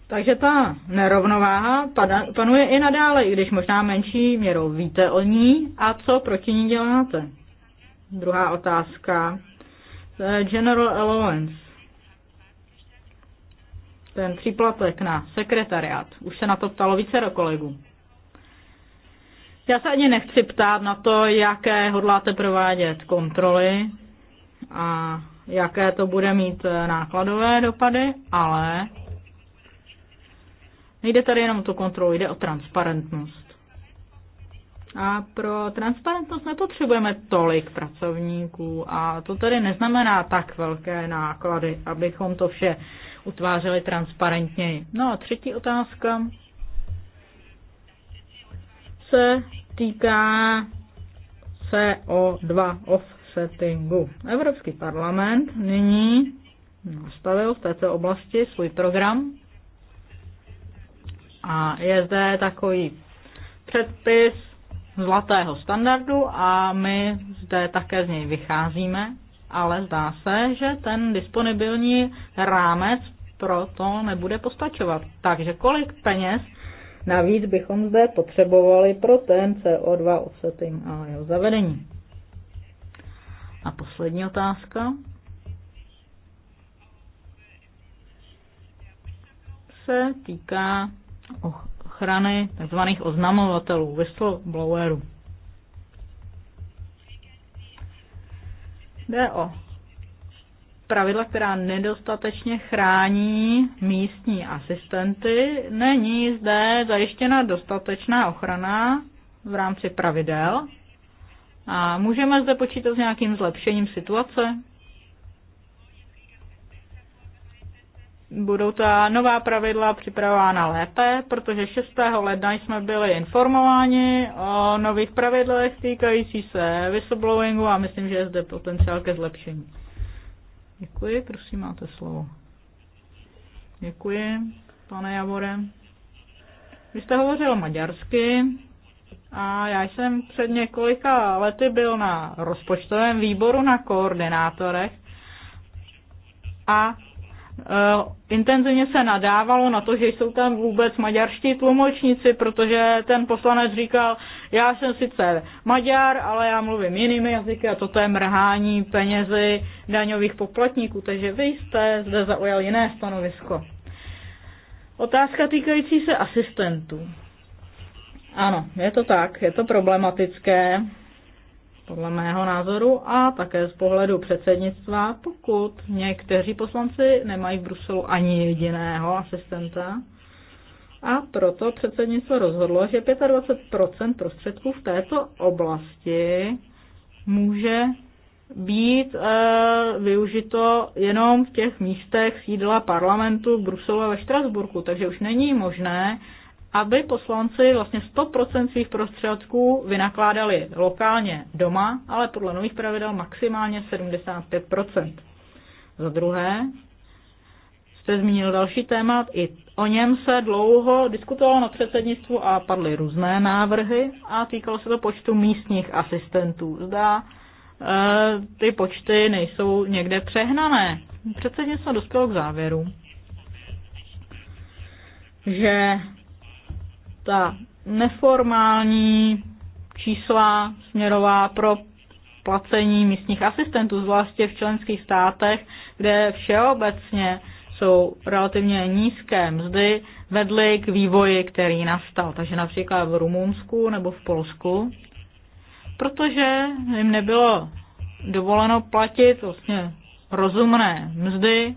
Takže ta nerovnováha panuje i nadále, i když možná menší měrou víte o ní a co proti ní děláte. Druhá otázka. General allowance. Ten příplatek na sekretariát. Už se na to ptalo více kolegů. Já se ani nechci ptát na to, jaké hodláte provádět kontroly a jaké to bude mít eh, nákladové dopady, ale Nejde tady jenom o tu kontrolu, jde o transparentnost. A pro transparentnost nepotřebujeme tolik pracovníků a to tedy neznamená tak velké náklady, abychom to vše utvářeli transparentněji. No a třetí otázka se týká CO2 offsettingu. Evropský parlament nyní nastavil v této oblasti svůj program a je zde takový předpis zlatého standardu a my zde také z něj vycházíme, ale zdá se, že ten disponibilní rámec pro to nebude postačovat. Takže kolik peněz navíc bychom zde potřebovali pro ten CO2 offsetting a jeho zavedení? A poslední otázka. se týká ochrany tzv. oznamovatelů, whistleblowerů. Jde o pravidla, která nedostatečně chrání místní asistenty. Není zde zajištěna dostatečná ochrana v rámci pravidel. A můžeme zde počítat s nějakým zlepšením situace? budou ta nová pravidla připravována lépe, protože 6. ledna jsme byli informováni o nových pravidlech týkající se whistleblowingu a myslím, že je zde potenciál ke zlepšení. Děkuji, prosím, máte slovo. Děkuji, pane Javore. Vy jste hovořil maďarsky a já jsem před několika lety byl na rozpočtovém výboru na koordinátorech a Eh, intenzivně se nadávalo na to, že jsou tam vůbec maďarští tlumočníci, protože ten poslanec říkal, já jsem sice Maďar, ale já mluvím jinými jazyky a toto je mrhání penězi daňových poplatníků, takže vy jste zde zaujal jiné stanovisko. Otázka týkající se asistentů. Ano, je to tak, je to problematické podle mého názoru a také z pohledu předsednictva, pokud někteří poslanci nemají v Bruselu ani jediného asistenta. A proto předsednictvo rozhodlo, že 25 prostředků v této oblasti může být e, využito jenom v těch místech sídla parlamentu v Bruselu a ve Štrasburku, takže už není možné, aby poslanci vlastně 100% svých prostředků vynakládali lokálně doma, ale podle nových pravidel maximálně 75%. Za druhé, jste zmínil další téma, i o něm se dlouho diskutovalo na předsednictvu a padly různé návrhy a týkalo se to počtu místních asistentů. Zdá, e, eh, ty počty nejsou někde přehnané. Předsednictvo dospělo k závěru, že ta neformální čísla směrová pro placení místních asistentů, zvláště v členských státech, kde všeobecně jsou relativně nízké mzdy, vedly k vývoji, který nastal. Takže například v Rumunsku nebo v Polsku, protože jim nebylo dovoleno platit vlastně rozumné mzdy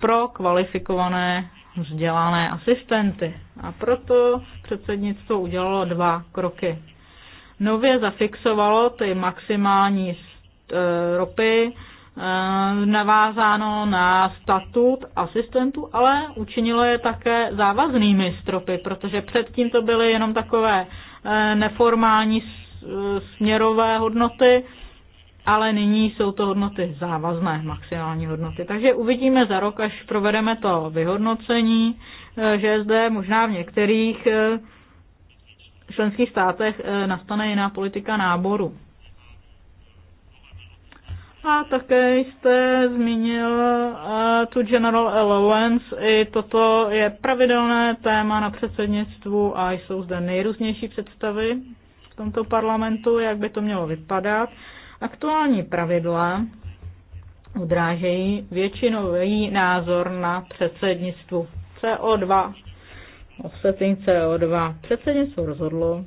pro kvalifikované vzdělané asistenty. A proto předsednictvo udělalo dva kroky. Nově zafixovalo ty maximální eh, ropy, eh, navázáno na statut asistentů, ale učinilo je také závaznými stropy, protože předtím to byly jenom takové eh, neformální směrové hodnoty, ale nyní jsou to hodnoty závazné, maximální hodnoty. Takže uvidíme za rok, až provedeme to vyhodnocení, eh, že zde možná v některých eh, členských státech eh, nastane jiná politika náboru. A také jste zmínil uh, tu General Allowance. I toto je pravidelné téma na předsednictvu a jsou zde nejrůznější představy v tomto parlamentu, jak by to mělo vypadat. Aktuální pravidla udrážejí většinový názor na předsednictvu CO2, offsetting CO2. Předsednictvo rozhodlo,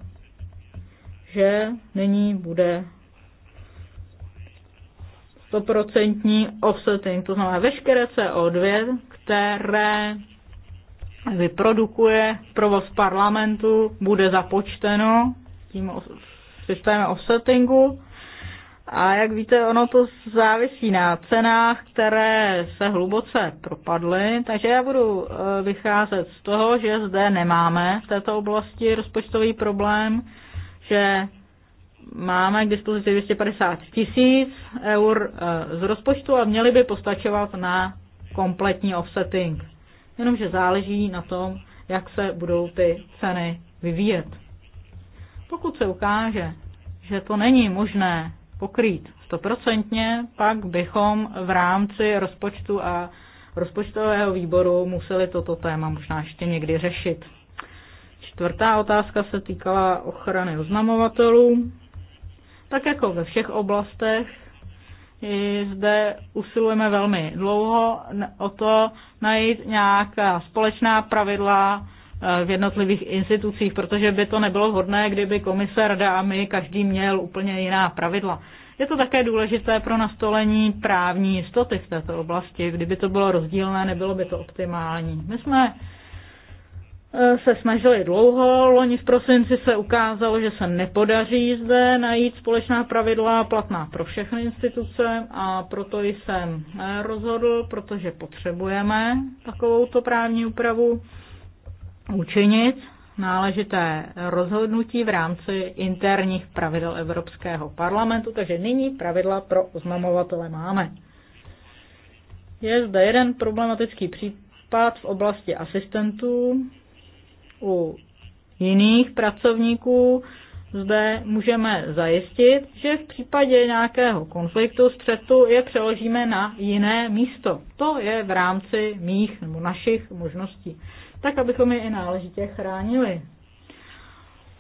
že nyní bude stoprocentní offsetting, to znamená veškeré CO2, které vyprodukuje provoz parlamentu, bude započteno tím systémem offsettingu a jak víte, ono to závisí na cenách, které se hluboce propadly, takže já budu eh, vycházet z toho, že zde nemáme v této oblasti rozpočtový problém, že máme k dispozici 250 tisíc eur eh, z rozpočtu a měly by postačovat na kompletní offsetting. Jenomže záleží na tom, jak se budou ty ceny vyvíjet. Pokud se ukáže, že to není možné pokrýt stoprocentně, pak bychom v rámci rozpočtu a rozpočtového výboru museli toto téma možná ještě někdy řešit. Čtvrtá otázka se týkala ochrany oznamovatelů. Tak jako ve všech oblastech, i zde usilujeme velmi dlouho o to najít nějaká společná pravidla, Eh, v jednotlivých institucích, protože by to nebylo vhodné, kdyby komise, rada a my každý měl úplně jiná pravidla. Je to také důležité pro nastolení právní jistoty v této oblasti. Kdyby to bylo rozdílné, nebylo by to optimální. My jsme eh, se snažili dlouho, loni v prosinci se ukázalo, že se nepodaří zde najít společná pravidla platná pro všechny instituce a proto jsem eh, rozhodl, protože potřebujeme takovouto právní úpravu učinit náležité rozhodnutí v rámci interních pravidel Evropského parlamentu, takže nyní pravidla pro oznamovatele máme. Je zde jeden problematický případ v oblasti asistentů. U jiných pracovníků zde můžeme zajistit, že v případě nějakého konfliktu, střetu je přeložíme na jiné místo. To je v rámci mých nebo našich možností tak abychom je i náležitě chránili.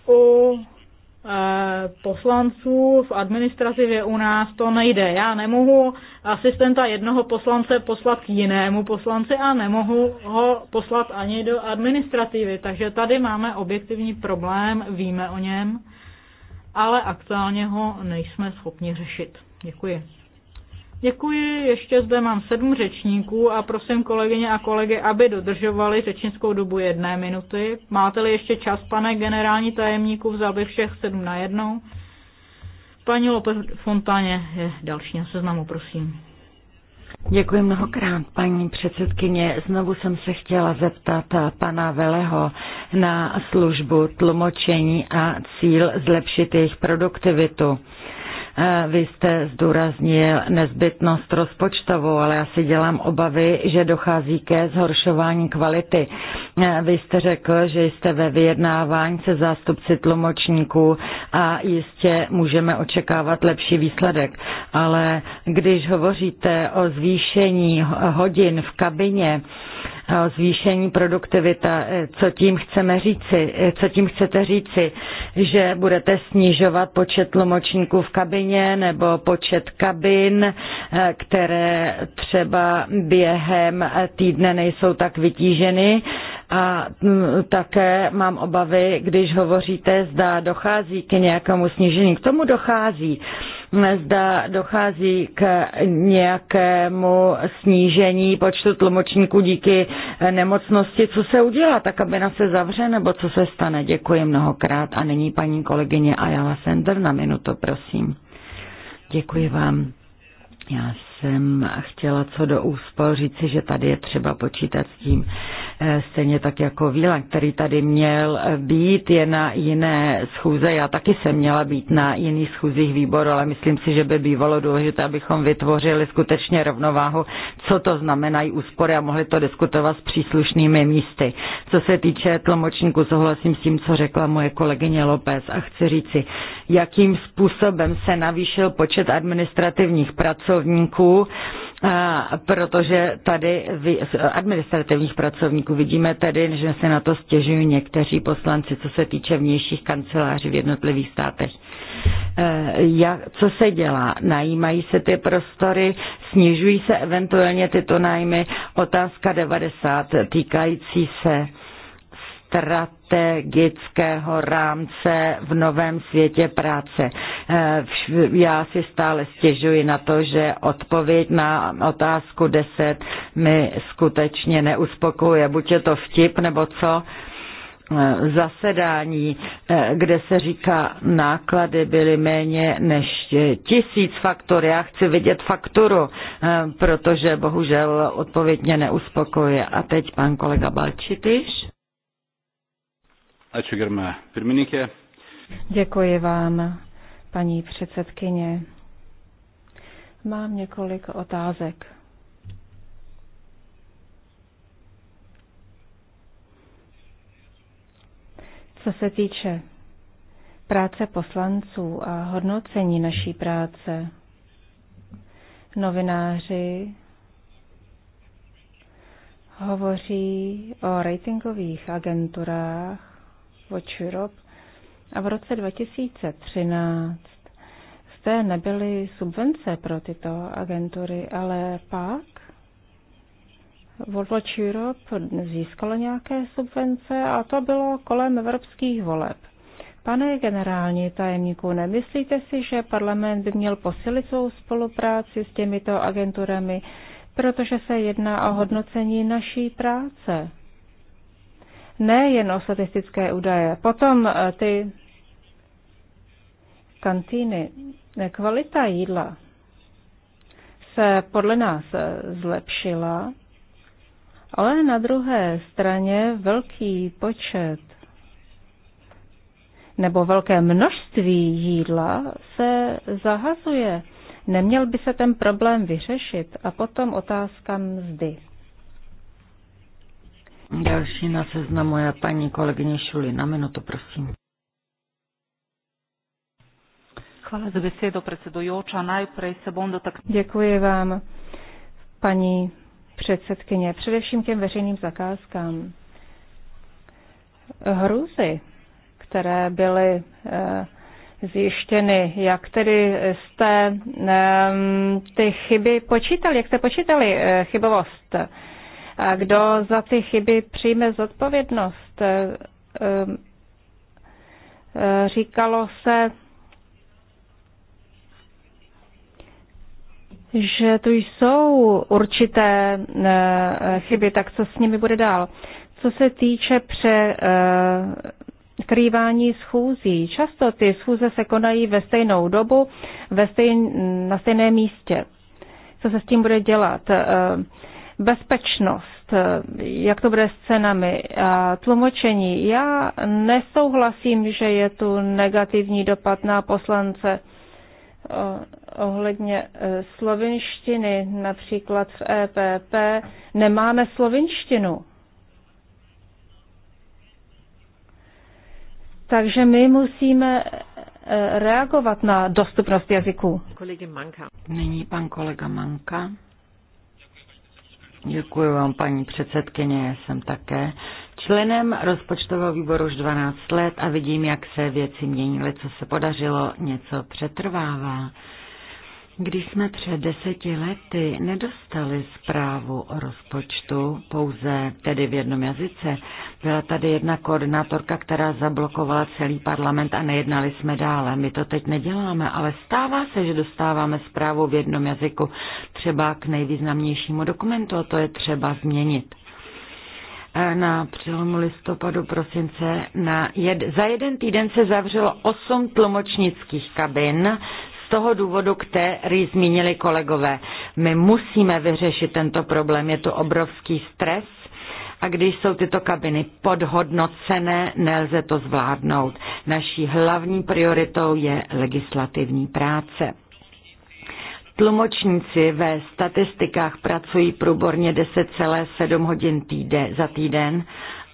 U eh, poslanců v administrativě u nás to nejde. Já nemohu asistenta jednoho poslance poslat k jinému poslanci a nemohu ho poslat ani do administrativy. Takže tady máme objektivní problém, víme o něm, ale aktuálně ho nejsme schopni řešit. Děkuji. Děkuji, ještě zde mám sedm řečníků a prosím kolegyně a kolegy, aby dodržovali řečnickou dobu jedné minuty. Máte-li ještě čas, pane generální tajemníku, vzal bych všech sedm na jednou. Paní Lopez Fontáně je další na seznamu, prosím. Děkuji mnohokrát, paní předsedkyně. Znovu jsem se chtěla zeptat eh, pana Veleho na službu tlumočení a cíl zlepšit jejich produktivitu. Eh, vy jste zdůraznil nezbytnost rozpočtovou, ale já si dělám obavy, že dochází ke zhoršování kvality. Eh, vy jste řekl, že jste ve vyjednávání se zástupci tlumočníků a jistě můžeme očekávat lepší výsledek. Ale když hovoříte o zvýšení hodin v kabině, Eh, zvýšení produktivita. Eh, co tím chceme říci? Eh, co tím chcete říci? Že budete snižovat počet tlumočníků v kabině nebo počet kabin, které třeba během týdne nejsou tak vytíženy? A mm, také mám obavy, když hovoříte, zda dochází k nějakému snížení. K tomu dochází zda dochází k nějakému snížení počtu tlumočníků díky nemocnosti. Co se udělá? Ta kabina se zavře nebo co se stane? Děkuji mnohokrát a nyní paní kolegyně Ayala Sender na minutu, prosím. Děkuji vám. Já jsem chtěla co do úspor říci, že tady je třeba počítat s tím, Eh, stejně tak jako Vílan, který tady měl eh, být, je na jiné schůze. Já taky jsem měla být na jiných schůzích výboru, ale myslím si, že by bývalo důležité, abychom vytvořili skutečně rovnováhu, co to znamenají úspory a mohli to diskutovat s příslušnými místy. Co se týče tlumočníku, souhlasím s tím, co řekla moje kolegyně López a chci říci, jakým způsobem se navýšil počet administrativních pracovníků, protože tady z administrativních pracovníků vidíme tedy, že se na to stěžují někteří poslanci, co se týče vnějších kanceláří v jednotlivých státech. E, Jak, co se dělá? Najímají se ty prostory, snižují se eventuálně tyto nájmy. Otázka 90 týkající se strategického rámce v novém světě práce. Eh, já si stále stěžuji na to, že odpověď na otázku 10 mi skutečně neuspokuje. Buď je to vtip, nebo co? Eh, zasedání, eh, kde se říká, náklady byly méně než tisíc faktur. Já chci vidět fakturu, protože bohužel odpověď mě neuspokojuje. A teď pan kolega Balčitiš. Děkuji vám, paní předsedkyně. Mám několik otázek. Co se týče práce poslanců a hodnocení naší práce, novináři hovoří o ratingových agenturách o Europe a v roce 2013 jste nebyly subvence pro tyto agentury, ale pak Watch Europe získalo nějaké subvence a to bylo kolem evropských voleb. Pane generální tajemníku, nemyslíte si, že parlament by měl posilit svou spolupráci s těmito agenturami, protože se jedná o hodnocení naší práce? jen o statistické údaje. Potom eh, ty kantýny, eh, kvalita jídla se podle nás eh, zlepšila, ale na druhé straně velký počet nebo velké množství jídla se zahazuje. Neměl by se ten problém vyřešit a potom otázka mzdy. Další na seznamu je paní kolegyně Šuli. Na minutu, prosím. Chvále za besedo, Joča. Najprej se bom tak... Děkuji vám, paní předsedkyně. Především těm veřejným zakázkám. Hruzy, které byly eh, zjištěny, jak tedy jste eh, ty chyby počítali, jak jste počítali eh, chybovost a kdo za ty chyby přijme zodpovědnost? E, e, e, říkalo se, že tu jsou určité chyby, tak co s nimi bude dál? Co se týče pře, krývání schůzí. Často ty schůze se konají ve stejnou dobu, ve stejn, na stejném místě. Co se s tím bude dělat? bezpečnost, eh, jak to bude s cenami tlumočení. Já nesouhlasím, že je tu negativní dopad na poslance eh, ohledně eh, slovinštiny, například v EPP, nemáme slovinštinu. Takže my musíme reagovat na dostupnost jazyků. Nyní pan kolega Manka. Děkuji vám, paní předsedkyně, já jsem také členem rozpočtového výboru už 12 let a vidím, jak se věci mění, ale co se podařilo, něco přetrvává. Když jsme před deseti lety nedostali zprávu o rozpočtu pouze tedy v jednom jazyce, byla tady jedna koordinátorka, která zablokovala celý parlament a nejednali jsme dále. My to teď neděláme, ale stává se, že dostáváme zprávu v jednom jazyku třeba k nejvýznamnějšímu dokumentu a to je třeba změnit eh, na přelomu listopadu prosince na jed, za jeden týden se zavřelo osm tlumočnických kabin z toho důvodu, který zmínili kolegové. My musíme vyřešit tento problém, je to obrovský stres a když jsou tyto kabiny podhodnocené, nelze to zvládnout. Naší hlavní prioritou je legislativní práce. Tlumočníci ve statistikách pracují průborně 10,7 hodin týde, za týden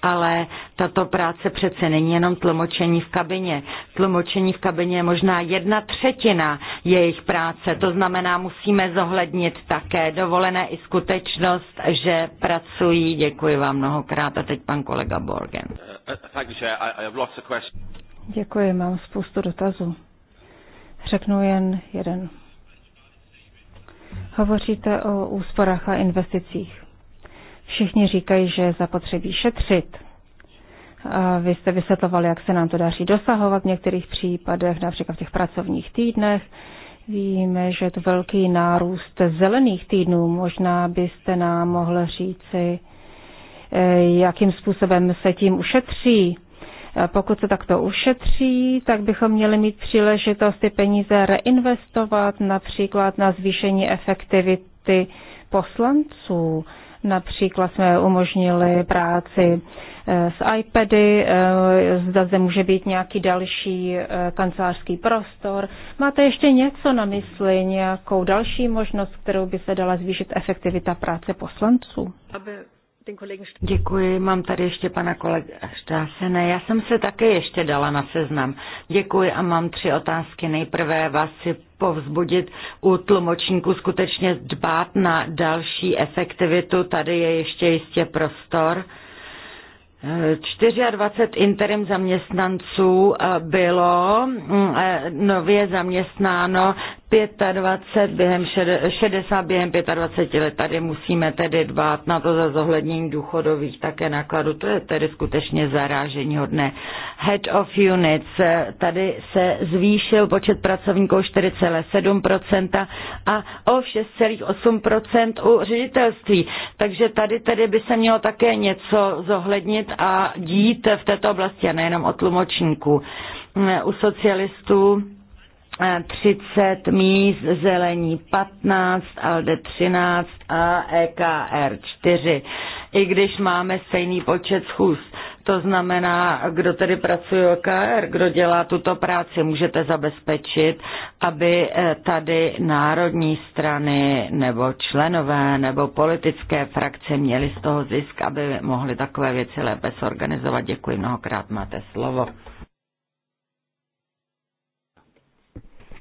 ale tato práce přece není jenom tlumočení v kabině. Tlumočení v kabině je možná jedna třetina jejich práce. To znamená, musíme zohlednit také dovolené i skutečnost, že pracují. Děkuji vám mnohokrát. A teď pan kolega Borgen. Uh, uh, Děkuji, mám spoustu dotazů. Řeknu jen jeden. Hovoříte o úsporách a investicích. Všichni říkají, že je zapotřebí šetřit. A vy jste vysvětlovali, jak se nám to daří dosahovat v některých případech, například v těch pracovních týdnech. Víme, že je to velký nárůst zelených týdnů. Možná byste nám mohl říci, eh, jakým způsobem se tím ušetří. Pokud se takto ušetří, tak bychom měli mít příležitost ty peníze reinvestovat například na zvýšení efektivity poslanců, Například jsme umožnili práci eh, s iPady, eh, zda zde může být nějaký další eh, kancelářský prostor. Máte ještě něco na mysli, nějakou další možnost, kterou by se dala zvýšit efektivita práce poslanců? Aby Děkuji, mám tady ještě pana kolega Štásene. Já jsem se také ještě dala na seznam. Děkuji a mám tři otázky. Nejprve vás si povzbudit u tlumočníků skutečně dbát na další efektivitu. Tady je ještě jistě prostor. 24 interim zaměstnanců eh, bylo mm, eh, nově zaměstnáno 25 během 60 během 25 let. Tady musíme tedy dbát na to za zohlednění důchodových také nákladů. To je tedy skutečně zarážení hodné. Head of units, eh, tady se zvýšil počet pracovníků 4,7% a o 6,8% u ředitelství. Takže tady tedy by se mělo také něco zohlednit a dít v této oblasti a nejenom o tlumočníků. U socialistů 30 eh, míst, zelení 15, ALDE 13 a EKR 4. I když máme stejný počet schůz, to znamená, kdo tedy pracuje KR, kdo dělá tuto práci, můžete zabezpečit, aby eh, tady národní strany nebo členové nebo politické frakce měly z toho zisk, aby mohly takové věci lépe zorganizovat. Děkuji mnohokrát, máte slovo.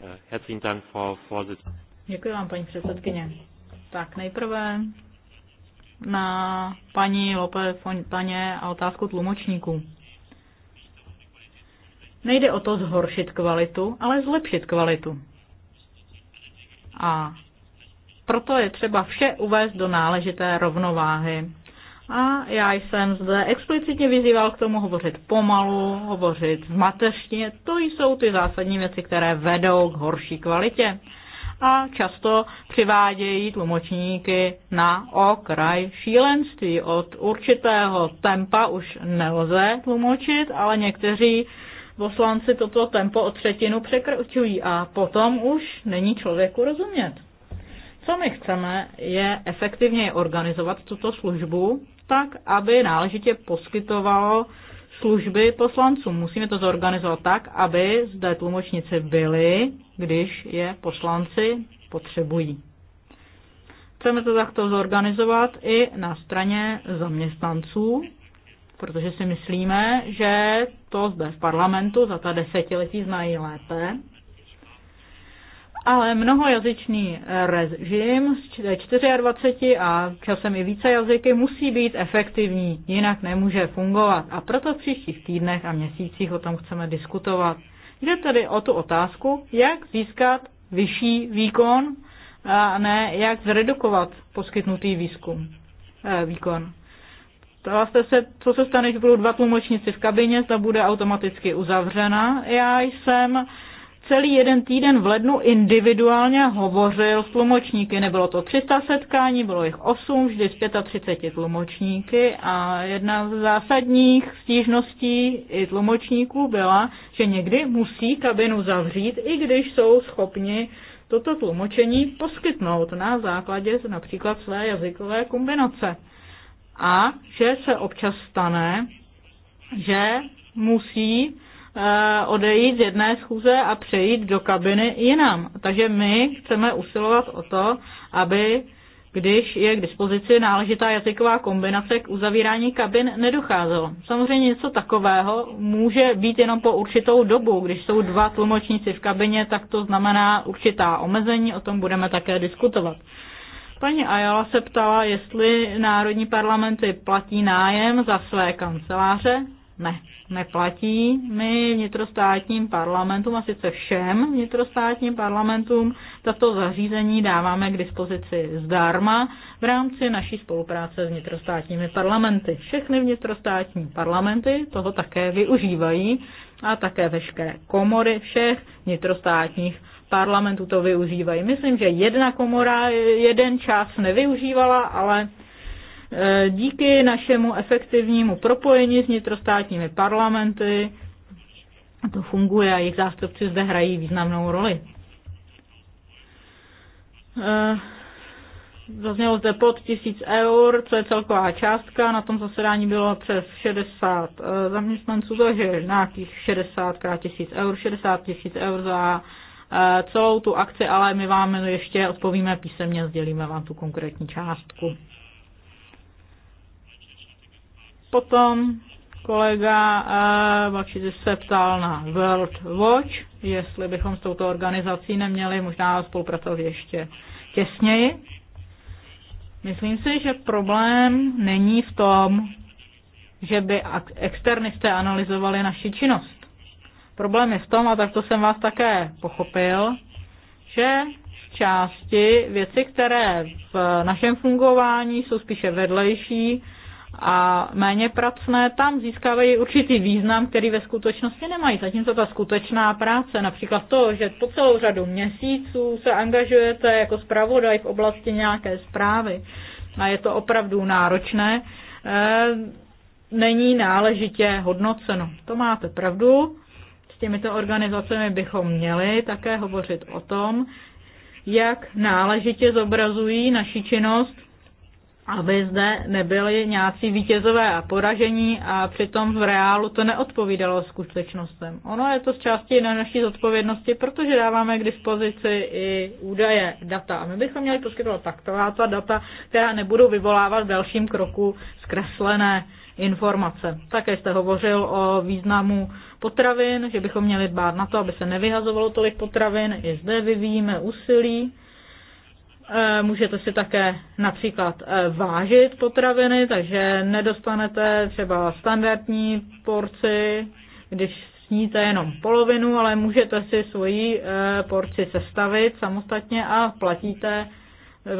Eh, Děkuji vám, paní předsedkyně. Tak nejprve na paní Lope Fontaně a otázku tlumočníků. Nejde o to zhoršit kvalitu, ale zlepšit kvalitu. A proto je třeba vše uvést do náležité rovnováhy. A já jsem zde explicitně vyzýval k tomu hovořit pomalu, hovořit v mateřštině. To jsou ty zásadní věci, které vedou k horší kvalitě a často přivádějí tlumočníky na okraj šílenství. Od určitého tempa už nelze tlumočit, ale někteří poslanci toto tempo o třetinu překračují a potom už není člověku rozumět. Co my chceme, je efektivně organizovat tuto službu tak, aby náležitě poskytovalo služby poslancům. Musíme to zorganizovat tak, aby zde tlumočnici byli, když je poslanci potřebují. Chceme to takto zorganizovat i na straně zaměstnanců, protože si myslíme, že to zde v parlamentu za ta desetiletí znají lépe ale mnohojazyčný režim z 24 a časem i více jazyky musí být efektivní, jinak nemůže fungovat. A proto v příštích týdnech a měsících o tom chceme diskutovat. Jde tedy o tu otázku, jak získat vyšší výkon a ne jak zredukovat poskytnutý výzkum, eh, výkon. Ptala jste se, co se stane, když budou dva tlumočníci v kabině, ta bude automaticky uzavřena. Já jsem celý jeden týden v lednu individuálně hovořil s tlumočníky. Nebylo to 300 setkání, bylo jich 8, vždy z 35 tlumočníky a jedna z zásadních stížností i tlumočníků byla, že někdy musí kabinu zavřít, i když jsou schopni toto tlumočení poskytnout na základě například své jazykové kombinace. A že se občas stane, že musí Eh, odejít z jedné schůze a přejít do kabiny jinam. Takže my chceme usilovat o to, aby když je k dispozici náležitá jazyková kombinace, k uzavírání kabin nedocházelo. Samozřejmě něco takového může být jenom po určitou dobu. Když jsou dva tlumočníci v kabině, tak to znamená určitá omezení, o tom budeme také diskutovat. Paní Ayala se ptala, jestli národní parlamenty platí nájem za své kanceláře ne, neplatí. My vnitrostátním parlamentům, a sice všem vnitrostátním parlamentům, tato zařízení dáváme k dispozici zdarma v rámci naší spolupráce s vnitrostátními parlamenty. Všechny vnitrostátní parlamenty toho také využívají a také veškeré komory všech vnitrostátních parlamentů to využívají. Myslím, že jedna komora jeden čas nevyužívala, ale E, díky našemu efektivnímu propojení s vnitrostátními parlamenty to funguje a jejich zástupci zde hrají významnou roli. E, zaznělo zde pod 1000 eur, co je celková částka. Na tom zasedání bylo přes 60 e, zaměstnanců, takže nějakých 60 krát 1000 eur, 60 tisíc eur za celou tu akci, ale my vám ještě odpovíme písemně, sdělíme vám tu konkrétní částku. Potom kolega eh, Bakšiči se ptal na World Watch, jestli bychom s touto organizací neměli možná spolupracovat ještě těsněji. Myslím si, že problém není v tom, že by externisté analyzovali naši činnost. Problém je v tom, a takto jsem vás také pochopil, že v části věci, které v našem fungování jsou spíše vedlejší, a méně pracné tam získávají určitý význam, který ve skutečnosti nemají. Zatímco ta skutečná práce, například to, že po celou řadu měsíců se angažujete jako zpravodaj v oblasti nějaké zprávy a je to opravdu náročné, eh, není náležitě hodnoceno. To máte pravdu. S těmito organizacemi bychom měli také hovořit o tom, jak náležitě zobrazují naši činnost aby zde nebyly nějací vítězové a poražení a přitom v reálu to neodpovídalo skutečnostem. Ono je to z části na naší zodpovědnosti, protože dáváme k dispozici i údaje, data. A my bychom měli poskytovat taková data, která nebudou vyvolávat v dalším kroku zkreslené informace. Také jste hovořil o významu potravin, že bychom měli dbát na to, aby se nevyhazovalo tolik potravin. I zde vyvíjíme úsilí Eh, můžete si také například eh, vážit potraviny, takže nedostanete třeba standardní porci, když sníte jenom polovinu, ale můžete si svoji eh, porci sestavit samostatně a platíte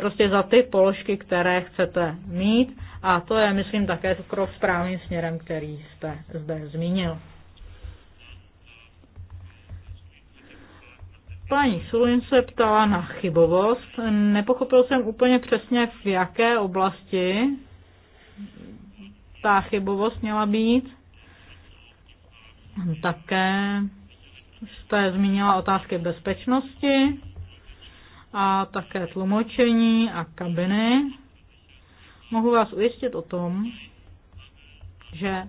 prostě za ty položky, které chcete mít. A to je, myslím, také krok správným směrem, který jste zde zmínil. Paní Sulin se ptala na chybovost. Nepochopil jsem úplně přesně, v jaké oblasti ta chybovost měla být. Také jste zmínila otázky bezpečnosti a také tlumočení a kabiny. Mohu vás ujistit o tom, že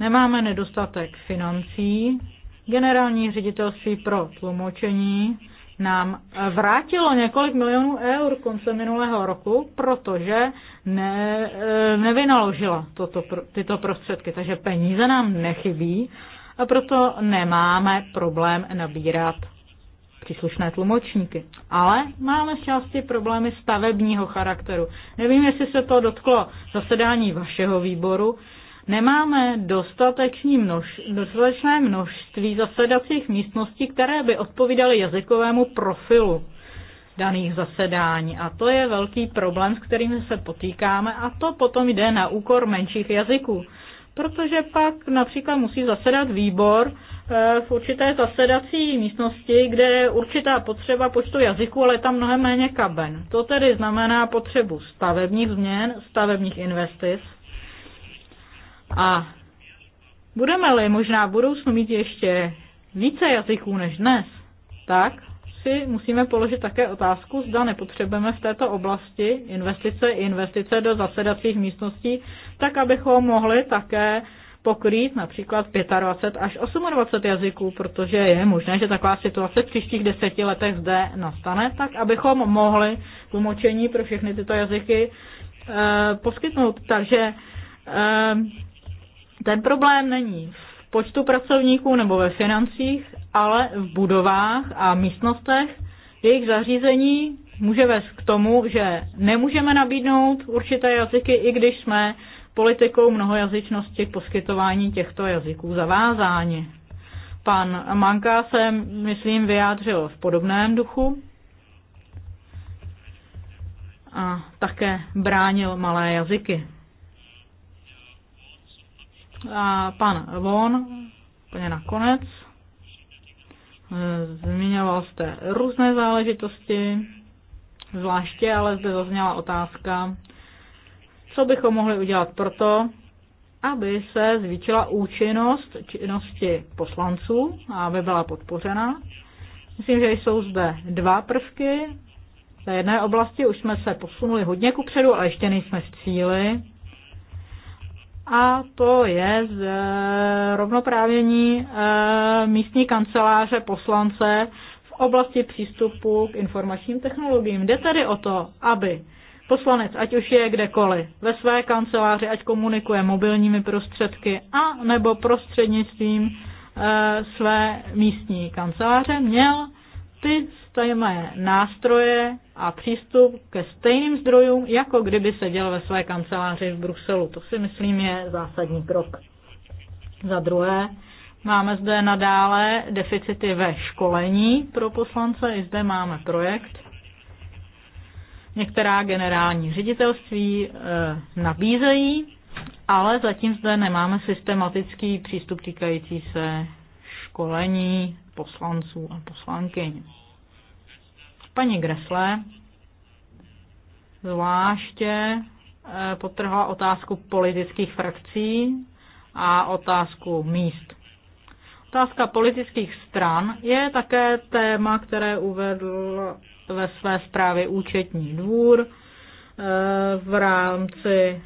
nemáme nedostatek financí Generální ředitelství pro tlumočení nám vrátilo několik milionů eur konce minulého roku, protože ne, e, nevynaložila toto, tyto prostředky, takže peníze nám nechybí a proto nemáme problém nabírat příslušné tlumočníky. Ale máme z části problémy stavebního charakteru. Nevím, jestli se to dotklo zasedání vašeho výboru, nemáme dostatečné množ, množství zasedacích místností, které by odpovídaly jazykovému profilu daných zasedání. A to je velký problém, s kterým se potýkáme a to potom jde na úkor menších jazyků. Protože pak například musí zasedat výbor eh, v určité zasedací místnosti, kde je určitá potřeba počtu jazyků, ale je tam mnohem méně kaben. To tedy znamená potřebu stavebních změn, stavebních investic, a budeme-li možná v budoucnu mít ještě více jazyků než dnes, tak si musíme položit také otázku, zda nepotřebujeme v této oblasti investice, investice do zasedacích místností, tak abychom mohli také pokrýt například 25 až 28 jazyků, protože je možné, že taková situace v příštích deseti letech zde nastane, tak abychom mohli tlumočení pro všechny tyto jazyky e, poskytnout. Takže e, ten problém není v počtu pracovníků nebo ve financích, ale v budovách a místnostech jejich zařízení může vést k tomu, že nemůžeme nabídnout určité jazyky, i když jsme politikou mnohojazyčnosti k poskytování těchto jazyků zavázáni. Pan Manka se, myslím, vyjádřil v podobném duchu a také bránil malé jazyky a pan Von, úplně nakonec. E, zmiňoval jste různé záležitosti, zvláště ale zde zazněla otázka, co bychom mohli udělat proto, aby se zvýšila účinnost činnosti poslanců a aby byla podpořena. Myslím, že jsou zde dva prvky. V jedné oblasti už jsme se posunuli hodně kupředu, ale ještě nejsme v cíli a to je z eh, rovnoprávění eh, místní kanceláře poslance v oblasti přístupu k informačním technologiím. Jde tedy o to, aby poslanec, ať už je kdekoliv, ve své kanceláři, ať komunikuje mobilními prostředky a nebo prostřednictvím eh, své místní kanceláře, měl ty stejné nástroje a přístup ke stejným zdrojům, jako kdyby seděl ve své kanceláři v Bruselu. To si myslím je zásadní krok. Za druhé, máme zde nadále deficity ve školení pro poslance. I zde máme projekt. Některá generální ředitelství e, nabízejí, ale zatím zde nemáme systematický přístup týkající se školení poslanců a poslankyň. Paní Gresle zvláště eh, potrhla otázku politických frakcí a otázku míst. Otázka politických stran je také téma, které uvedl ve své zprávě účetní dvůr eh, v rámci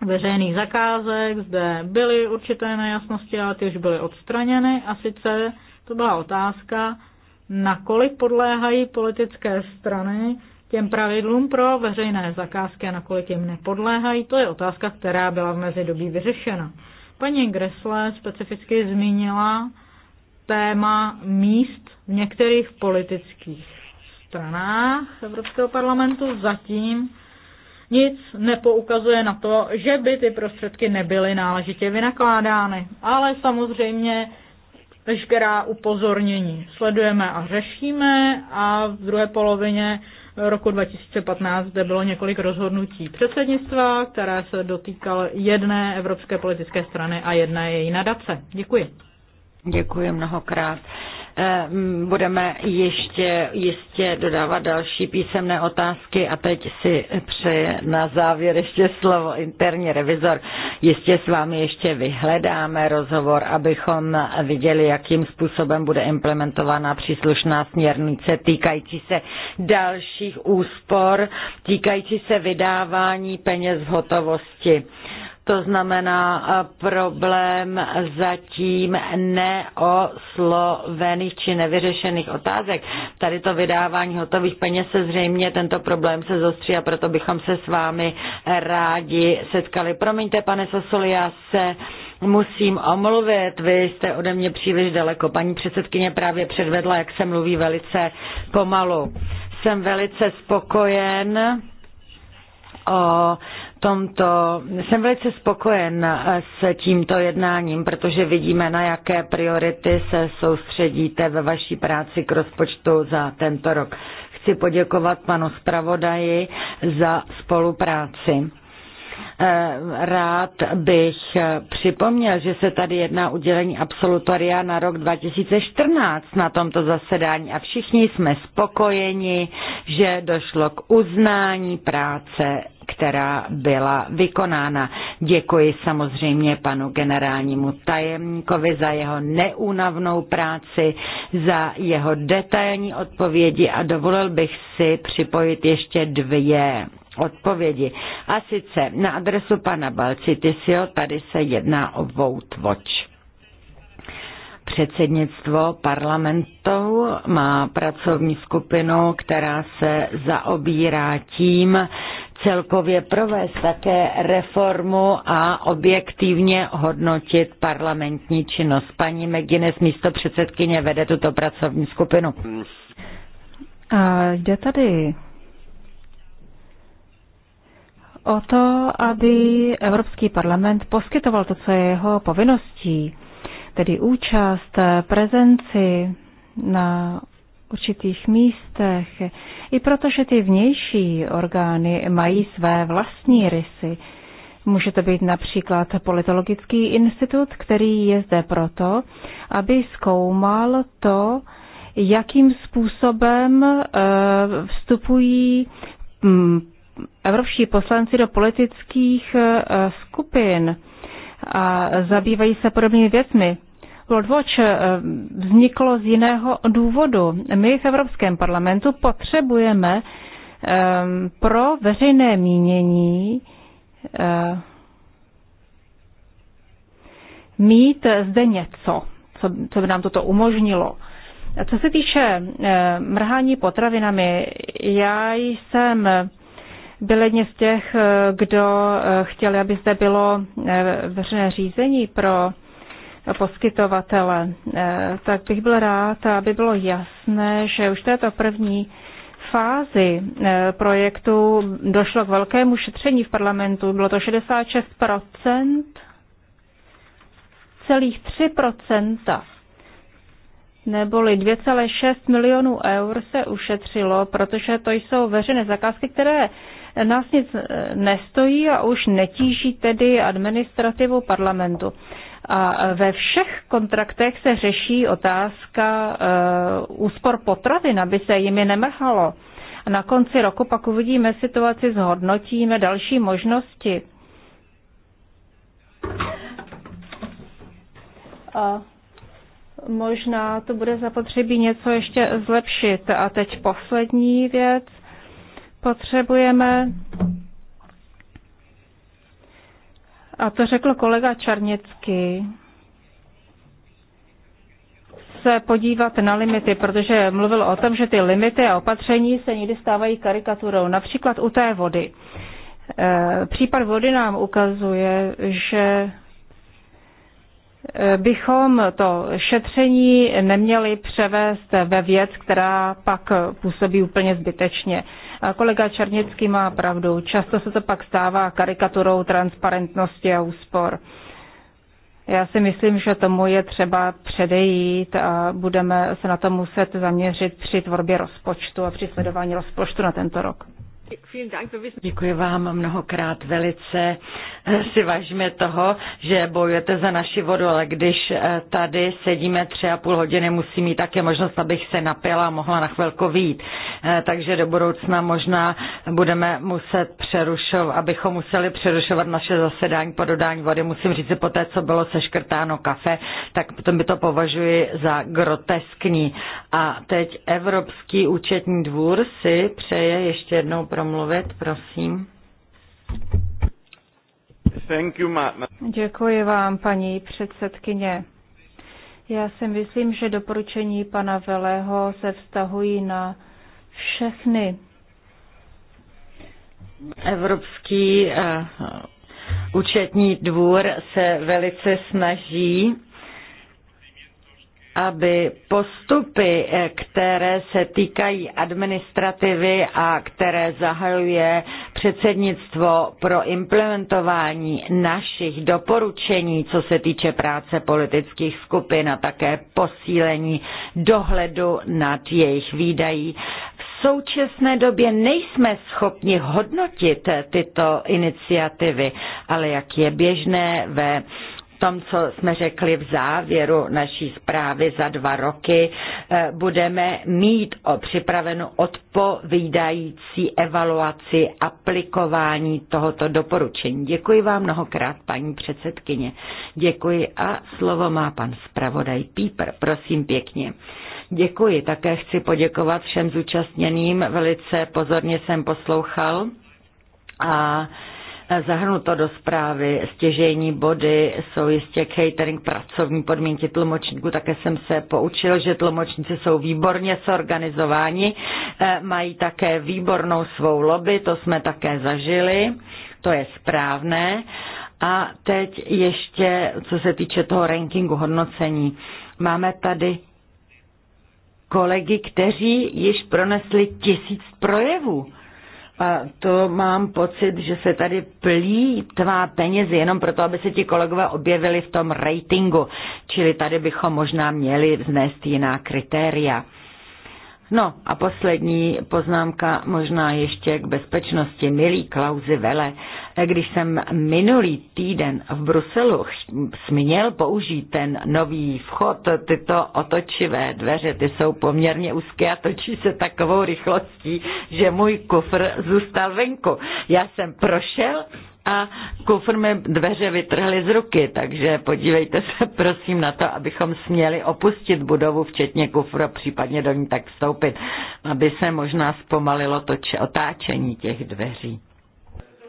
veřejných zakázek, zde byly určité nejasnosti, ale ty už byly odstraněny a sice to byla otázka, nakolik podléhají politické strany těm pravidlům pro veřejné zakázky a nakolik jim nepodléhají, to je otázka, která byla v mezidobí vyřešena. Paní Gressle specificky zmínila téma míst v některých politických stranách Evropského parlamentu. Zatím nic nepoukazuje na to, že by ty prostředky nebyly náležitě vynakládány. Ale samozřejmě veškerá upozornění sledujeme a řešíme a v druhé polovině roku 2015 zde bylo několik rozhodnutí předsednictva, které se dotýkalo jedné evropské politické strany a jedné její nadace. Děkuji. Děkuji mnohokrát. Eh, budeme ještě jistě dodávat další písemné otázky a teď si přeje na závěr ještě slovo interní revizor. Jistě s vámi ještě vyhledáme rozhovor, abychom viděli, jakým způsobem bude implementována příslušná směrnice týkající se dalších úspor, týkající se vydávání peněz v hotovosti to znamená eh, problém zatím neoslovených či nevyřešených otázek. Tady to vydávání hotových peněz se zřejmě tento problém se zostří a proto bychom se s vámi rádi setkali. Promiňte, pane Sosoli, já se musím omluvit, vy jste ode mě příliš daleko. Paní předsedkyně právě předvedla, jak se mluví velice pomalu. Jsem velice spokojen o tomto, jsem velice spokojen s tímto jednáním, protože vidíme, na jaké priority se soustředíte ve vaší práci k rozpočtu za tento rok. Chci poděkovat panu zpravodaji za spolupráci. Eh, rád bych připomněl, že se tady jedná udělení absolutoria na rok 2014 na tomto zasedání a všichni jsme spokojeni, že došlo k uznání práce která byla vykonána. Děkuji samozřejmě panu generálnímu tajemníkovi za jeho neúnavnou práci, za jeho detailní odpovědi a dovolil bych si připojit ještě dvě odpovědi. A sice na adresu pana Balcitisio, tady se jedná o Vote Watch. Předsednictvo parlamentu má pracovní skupinu, která se zaobírá tím, celkově provést také reformu a objektivně hodnotit parlamentní činnost. Paní McGuinness, místo předsedkyně, vede tuto pracovní skupinu. A jde tady o to, aby Evropský parlament poskytoval to, co je jeho povinností, tedy účast, prezenci na určitých místech. I protože ty vnější orgány mají své vlastní rysy. Může to být například politologický institut, který je zde proto, aby zkoumal to, jakým způsobem eh, vstupují hm, evropští poslanci do politických eh, skupin a zabývají se podobnými věcmi. World Watch eh, vzniklo z jiného důvodu. My v Evropském parlamentu potřebujeme ehm, pro veřejné mínění eh, mít zde něco, co, by nám toto umožnilo. co se týče eh, mrhání potravinami, já jsem byl jedně z těch, kdo chtěl, aby zde bylo veřejné řízení pro poskytovatele. Eh, tak bych byl rád, aby bylo jasné, že už této první fázi eh, projektu došlo k velkému šetření v parlamentu. Bylo to 66%, celých 3%, neboli 2,6 milionů eur se ušetřilo, protože to jsou veřejné zakázky, které nás nic eh, nestojí a už netíží tedy administrativu parlamentu. A ve všech kontraktech se řeší otázka eh, úspor potravin, aby se jimi nemrhalo. A na konci roku pak uvidíme situaci, zhodnotíme další možnosti. A možná to bude zapotřebí něco ještě zlepšit. A teď poslední věc. Potřebujeme a to řekl kolega Čarněcky, se podívat na limity, protože mluvil o tom, že ty limity a opatření se někdy stávají karikaturou. Například u té vody. E, případ vody nám ukazuje, že e, bychom to šetření neměli převést ve věc, která pak působí úplně zbytečně kolega Černický má pravdu. Často se to pak stává karikaturou transparentnosti a úspor. Já si myslím, že tomu je třeba předejít a budeme se na to muset zaměřit při tvorbě rozpočtu a při sledování rozpočtu na tento rok. Děkuji vám mnohokrát velice. Si vážíme toho, že bojujete za naši vodu, ale když eh, tady sedíme tři a půl hodiny, musí mít také možnost, abych se napila a mohla na chvilku vít. Eh, takže do budoucna možná budeme muset přerušovat, abychom museli přerušovat naše zasedání po dodání vody. Musím říct, že po té, co bylo seškrtáno kafe, tak potom by to považuji za groteskní. A teď Evropský účetní dvůr si přeje ještě jednou pro promluvit, prosím. Thank you, Děkuji vám, paní předsedkyně. Já si myslím, že doporučení pana Velého se vztahují na všechny. Evropský eh, účetní dvůr se velice snaží aby postupy, eh, které se týkají administrativy a které zahajuje předsednictvo pro implementování našich doporučení, co se týče práce politických skupin a také posílení dohledu nad jejich výdají, v současné době nejsme schopni hodnotit eh, tyto iniciativy, ale jak je běžné ve tom, co jsme řekli v závěru naší zprávy za dva roky, eh, budeme mít o připravenu odpovídající evaluaci aplikování tohoto doporučení. Děkuji vám mnohokrát, paní předsedkyně. Děkuji a slovo má pan zpravodaj Píper. Prosím pěkně. Děkuji. Také chci poděkovat všem zúčastněným. Velice pozorně jsem poslouchal. A zahrnuto do zprávy. Stěžejní body jsou jistě catering, pracovní podmínky tlumočníků. Také jsem se poučil, že tlumočníci jsou výborně zorganizováni, eh, mají také výbornou svou lobby, to jsme také zažili, to je správné. A teď ještě, co se týče toho rankingu hodnocení, máme tady kolegy, kteří již pronesli tisíc projevů a to mám pocit, že se tady plí tvá penězi jenom proto, aby se ti kolegové objevili v tom ratingu. Čili tady bychom možná měli vznést jiná kritéria. No a poslední poznámka možná ještě k bezpečnosti. milý Klauzi Vele, když jsem minulý týden v Bruselu směl použít ten nový vchod, tyto otočivé dveře, ty jsou poměrně úzké a točí se takovou rychlostí, že můj kufr zůstal venku. Já jsem prošel a kufr mi dveře vytrhly z ruky, takže podívejte se <laughs> prosím na to, abychom směli opustit budovu, včetně kufru, případně do ní tak vstoupit, aby se možná zpomalilo to či otáčení těch dveří.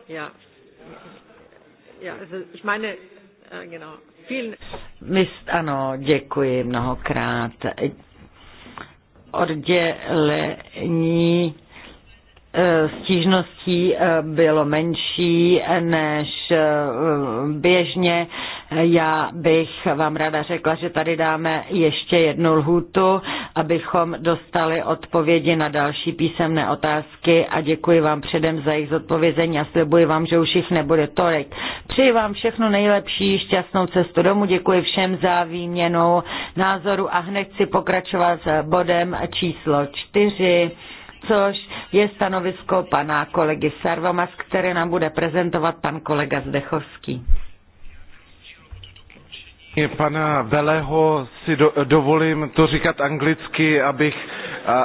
Já. Já, ich meine, äh, genau. Mist, ano, děkuji mnohokrát. Oddělení Eh, stížností eh, bylo menší eh, než běžně. Já bych vám ráda řekla, že tady dáme ještě jednu lhůtu, abychom dostali odpovědi na další písemné otázky a děkuji vám předem za jejich zodpovězení a slibuji vám, že už jich nebude tolik. Přeji vám všechno nejlepší, šťastnou cestu domů, děkuji všem za výměnu názoru a hned si pokračovat s bodem číslo čtyři což je stanovisko pana kolegy Sarvamas, které nám bude prezentovat pan kolega Zdechovský. Pana Velého si do, dovolím to říkat anglicky, abych,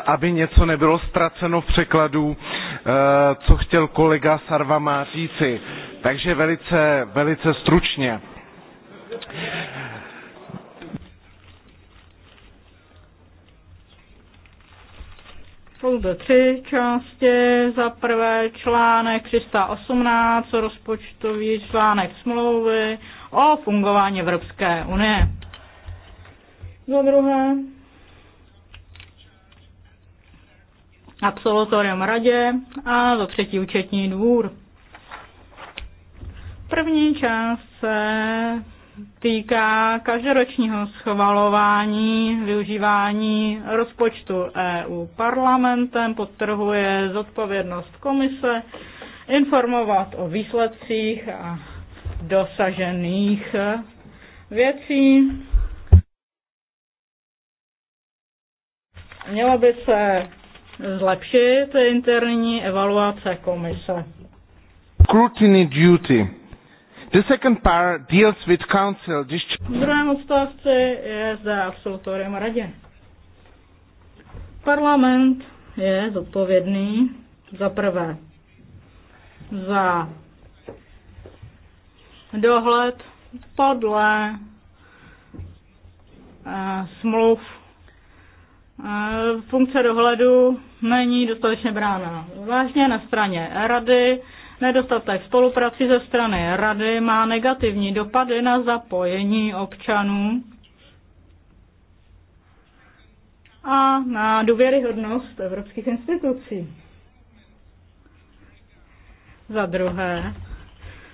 aby něco nebylo ztraceno v překladu, e, co chtěl kolega Sarvama říci. Takže velice, velice stručně. Jsou zde tři části. Za prvé článek 318, rozpočtový článek smlouvy o fungování Evropské unie. Za druhé absolutorium radě a za třetí účetní dvůr. První část se týká každoročního schvalování využívání rozpočtu EU parlamentem, podtrhuje zodpovědnost komise informovat o výsledcích a dosažených věcí. Mělo by se zlepšit interní evaluace komise. Scrutiny duty The second part deals with council. druhém je za absolutorium radě. Parlament je zodpovědný za prvé za dohled podle uh, smluv. Uh, funkce dohledu není dostatečně brána. Vážně na straně rady Nedostatek spolupráci ze strany rady má negativní dopady na zapojení občanů a na důvěryhodnost evropských institucí. Za druhé,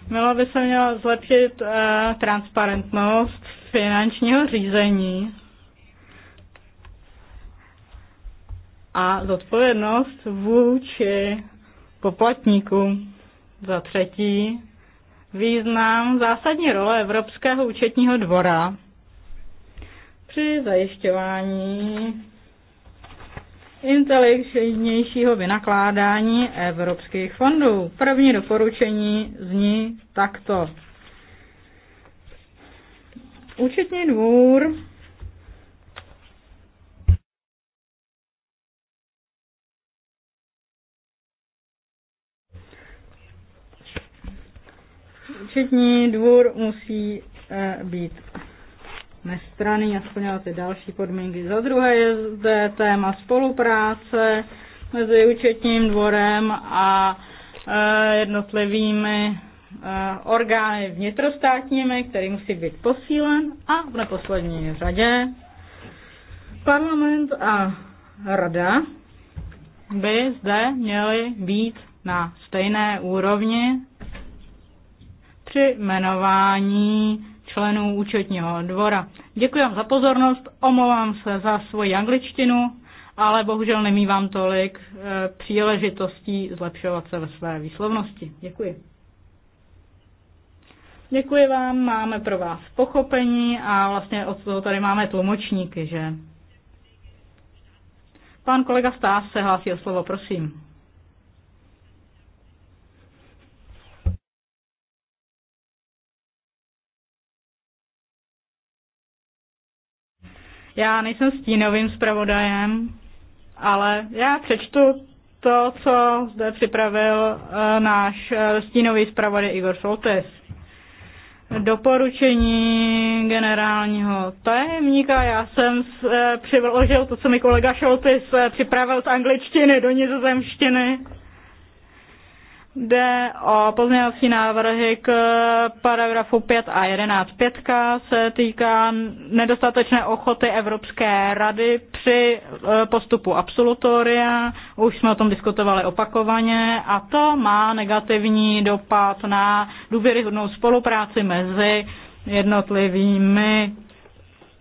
měla by se měla zlepšit eh, transparentnost finančního řízení a zodpovědnost vůči poplatníkům. Za třetí, význam zásadní role Evropského účetního dvora při zajišťování inteligentnějšího vynakládání evropských fondů. První doporučení zní takto. Účetní dvůr Účetní dvůr musí eh, být nestraný a splňovat ty další podmínky. Za druhé je zde téma spolupráce mezi účetním dvorem a eh, jednotlivými eh, orgány vnitrostátními, který musí být posílen a v neposlední řadě parlament a rada by zde měly být na stejné úrovni při jmenování členů účetního dvora. Děkuji vám za pozornost, omlouvám se za svoji angličtinu, ale bohužel nemývám tolik eh, příležitostí zlepšovat se ve své výslovnosti. Děkuji. Děkuji vám, máme pro vás pochopení a vlastně od toho tady máme tlumočníky, že? Pan kolega Stás se hlásí o slovo, prosím. Já nejsem stínovým zpravodajem, ale já přečtu to, co zde připravil eh, náš eh, stínový zpravodaj Igor Soltes. Doporučení generálního tajemníka. Já jsem eh, přiložil to, co mi kolega Šoltis připravil z angličtiny do nizozemštiny Jde o pozměňovací návrhy k paragrafu 5 a 11. Pětka se týká nedostatečné ochoty Evropské rady při e, postupu absolutoria. Už jsme o tom diskutovali opakovaně a to má negativní dopad na důvěryhodnou spolupráci mezi jednotlivými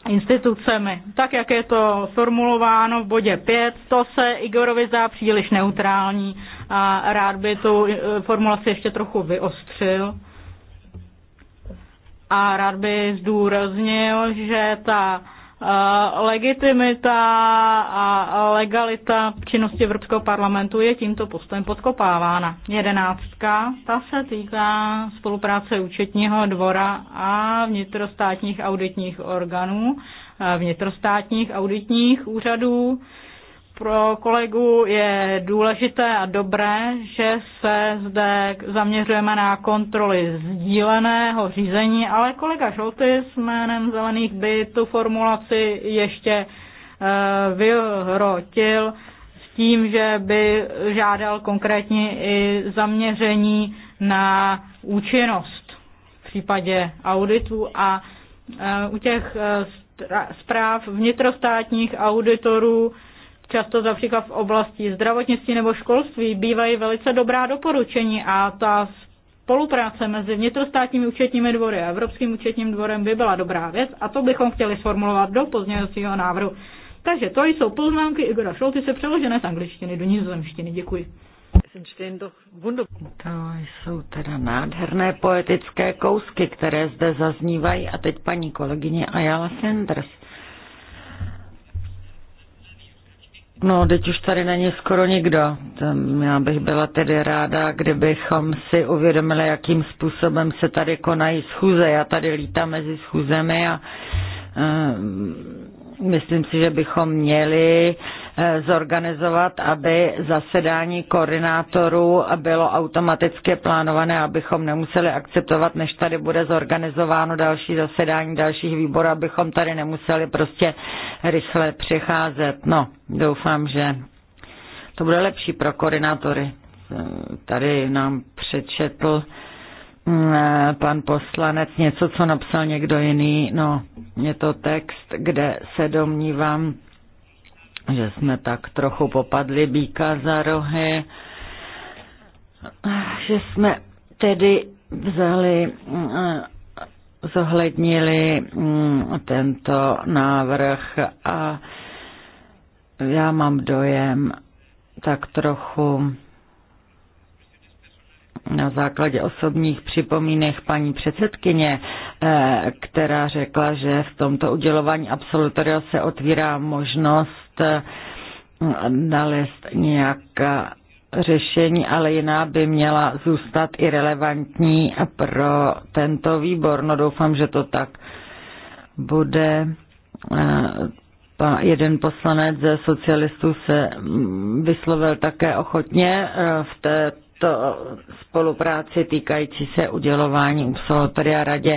institucemi. Tak, jak je to formulováno v bodě 5, to se Igorovi zdá příliš neutrální a rád by tu eh, formulaci ještě trochu vyostřil. A rád by zdůraznil, že ta Eh, legitimita a legalita činnosti Evropského parlamentu je tímto postem podkopávána. Jedenáctka, ta se týká spolupráce účetního dvora a vnitrostátních auditních orgánů, eh, vnitrostátních auditních úřadů, pro kolegu je důležité a dobré, že se zde zaměřujeme na kontroly sdíleného řízení, ale kolega Žolty s jménem Zelených by tu formulaci ještě eh, vyhrotil s tím, že by žádal konkrétně i zaměření na účinnost v případě auditu a eh, u těch eh, zpráv vnitrostátních auditorů často například v oblasti zdravotnictví nebo školství bývají velice dobrá doporučení a ta spolupráce mezi vnitrostátními účetními dvory a Evropským účetním dvorem by byla dobrá věc a to bychom chtěli sformulovat do pozdějovacího návrhu. Takže to jsou poznámky Igora Šolty se přeložené z angličtiny do nizozemštiny. Děkuji. To jsou teda nádherné poetické kousky, které zde zaznívají a teď paní kolegyně Ayala Sanders. No, teď už tady není skoro nikdo. Tam já bych byla tedy ráda, kdybychom si uvědomili, jakým způsobem se tady konají schůze. Já tady lítám mezi schůzemi a uh, myslím si, že bychom měli Eh, zorganizovat, aby zasedání koordinátorů bylo automaticky plánované, abychom nemuseli akceptovat, než tady bude zorganizováno další zasedání dalších výborů, abychom tady nemuseli prostě rychle přicházet. No, doufám, že to bude lepší pro koordinátory. Tady nám přečetl mm, eh, pan poslanec něco, co napsal někdo jiný. No, je to text, kde se domnívám, že jsme tak trochu popadli býka za rohy, že jsme tedy vzali, zohlednili mm, tento návrh a já mám dojem tak trochu na základě osobních připomínek paní předsedkyně, eh, která řekla, že v tomto udělování absolutoria se otvírá možnost Eh, nalézt nějaká řešení, ale jiná by měla zůstat i relevantní pro tento výbor. No doufám, že to tak bude. Eh, jeden poslanec ze socialistů se mm, vyslovil také ochotně eh, v této spolupráci týkající se udělování absolutoria radě.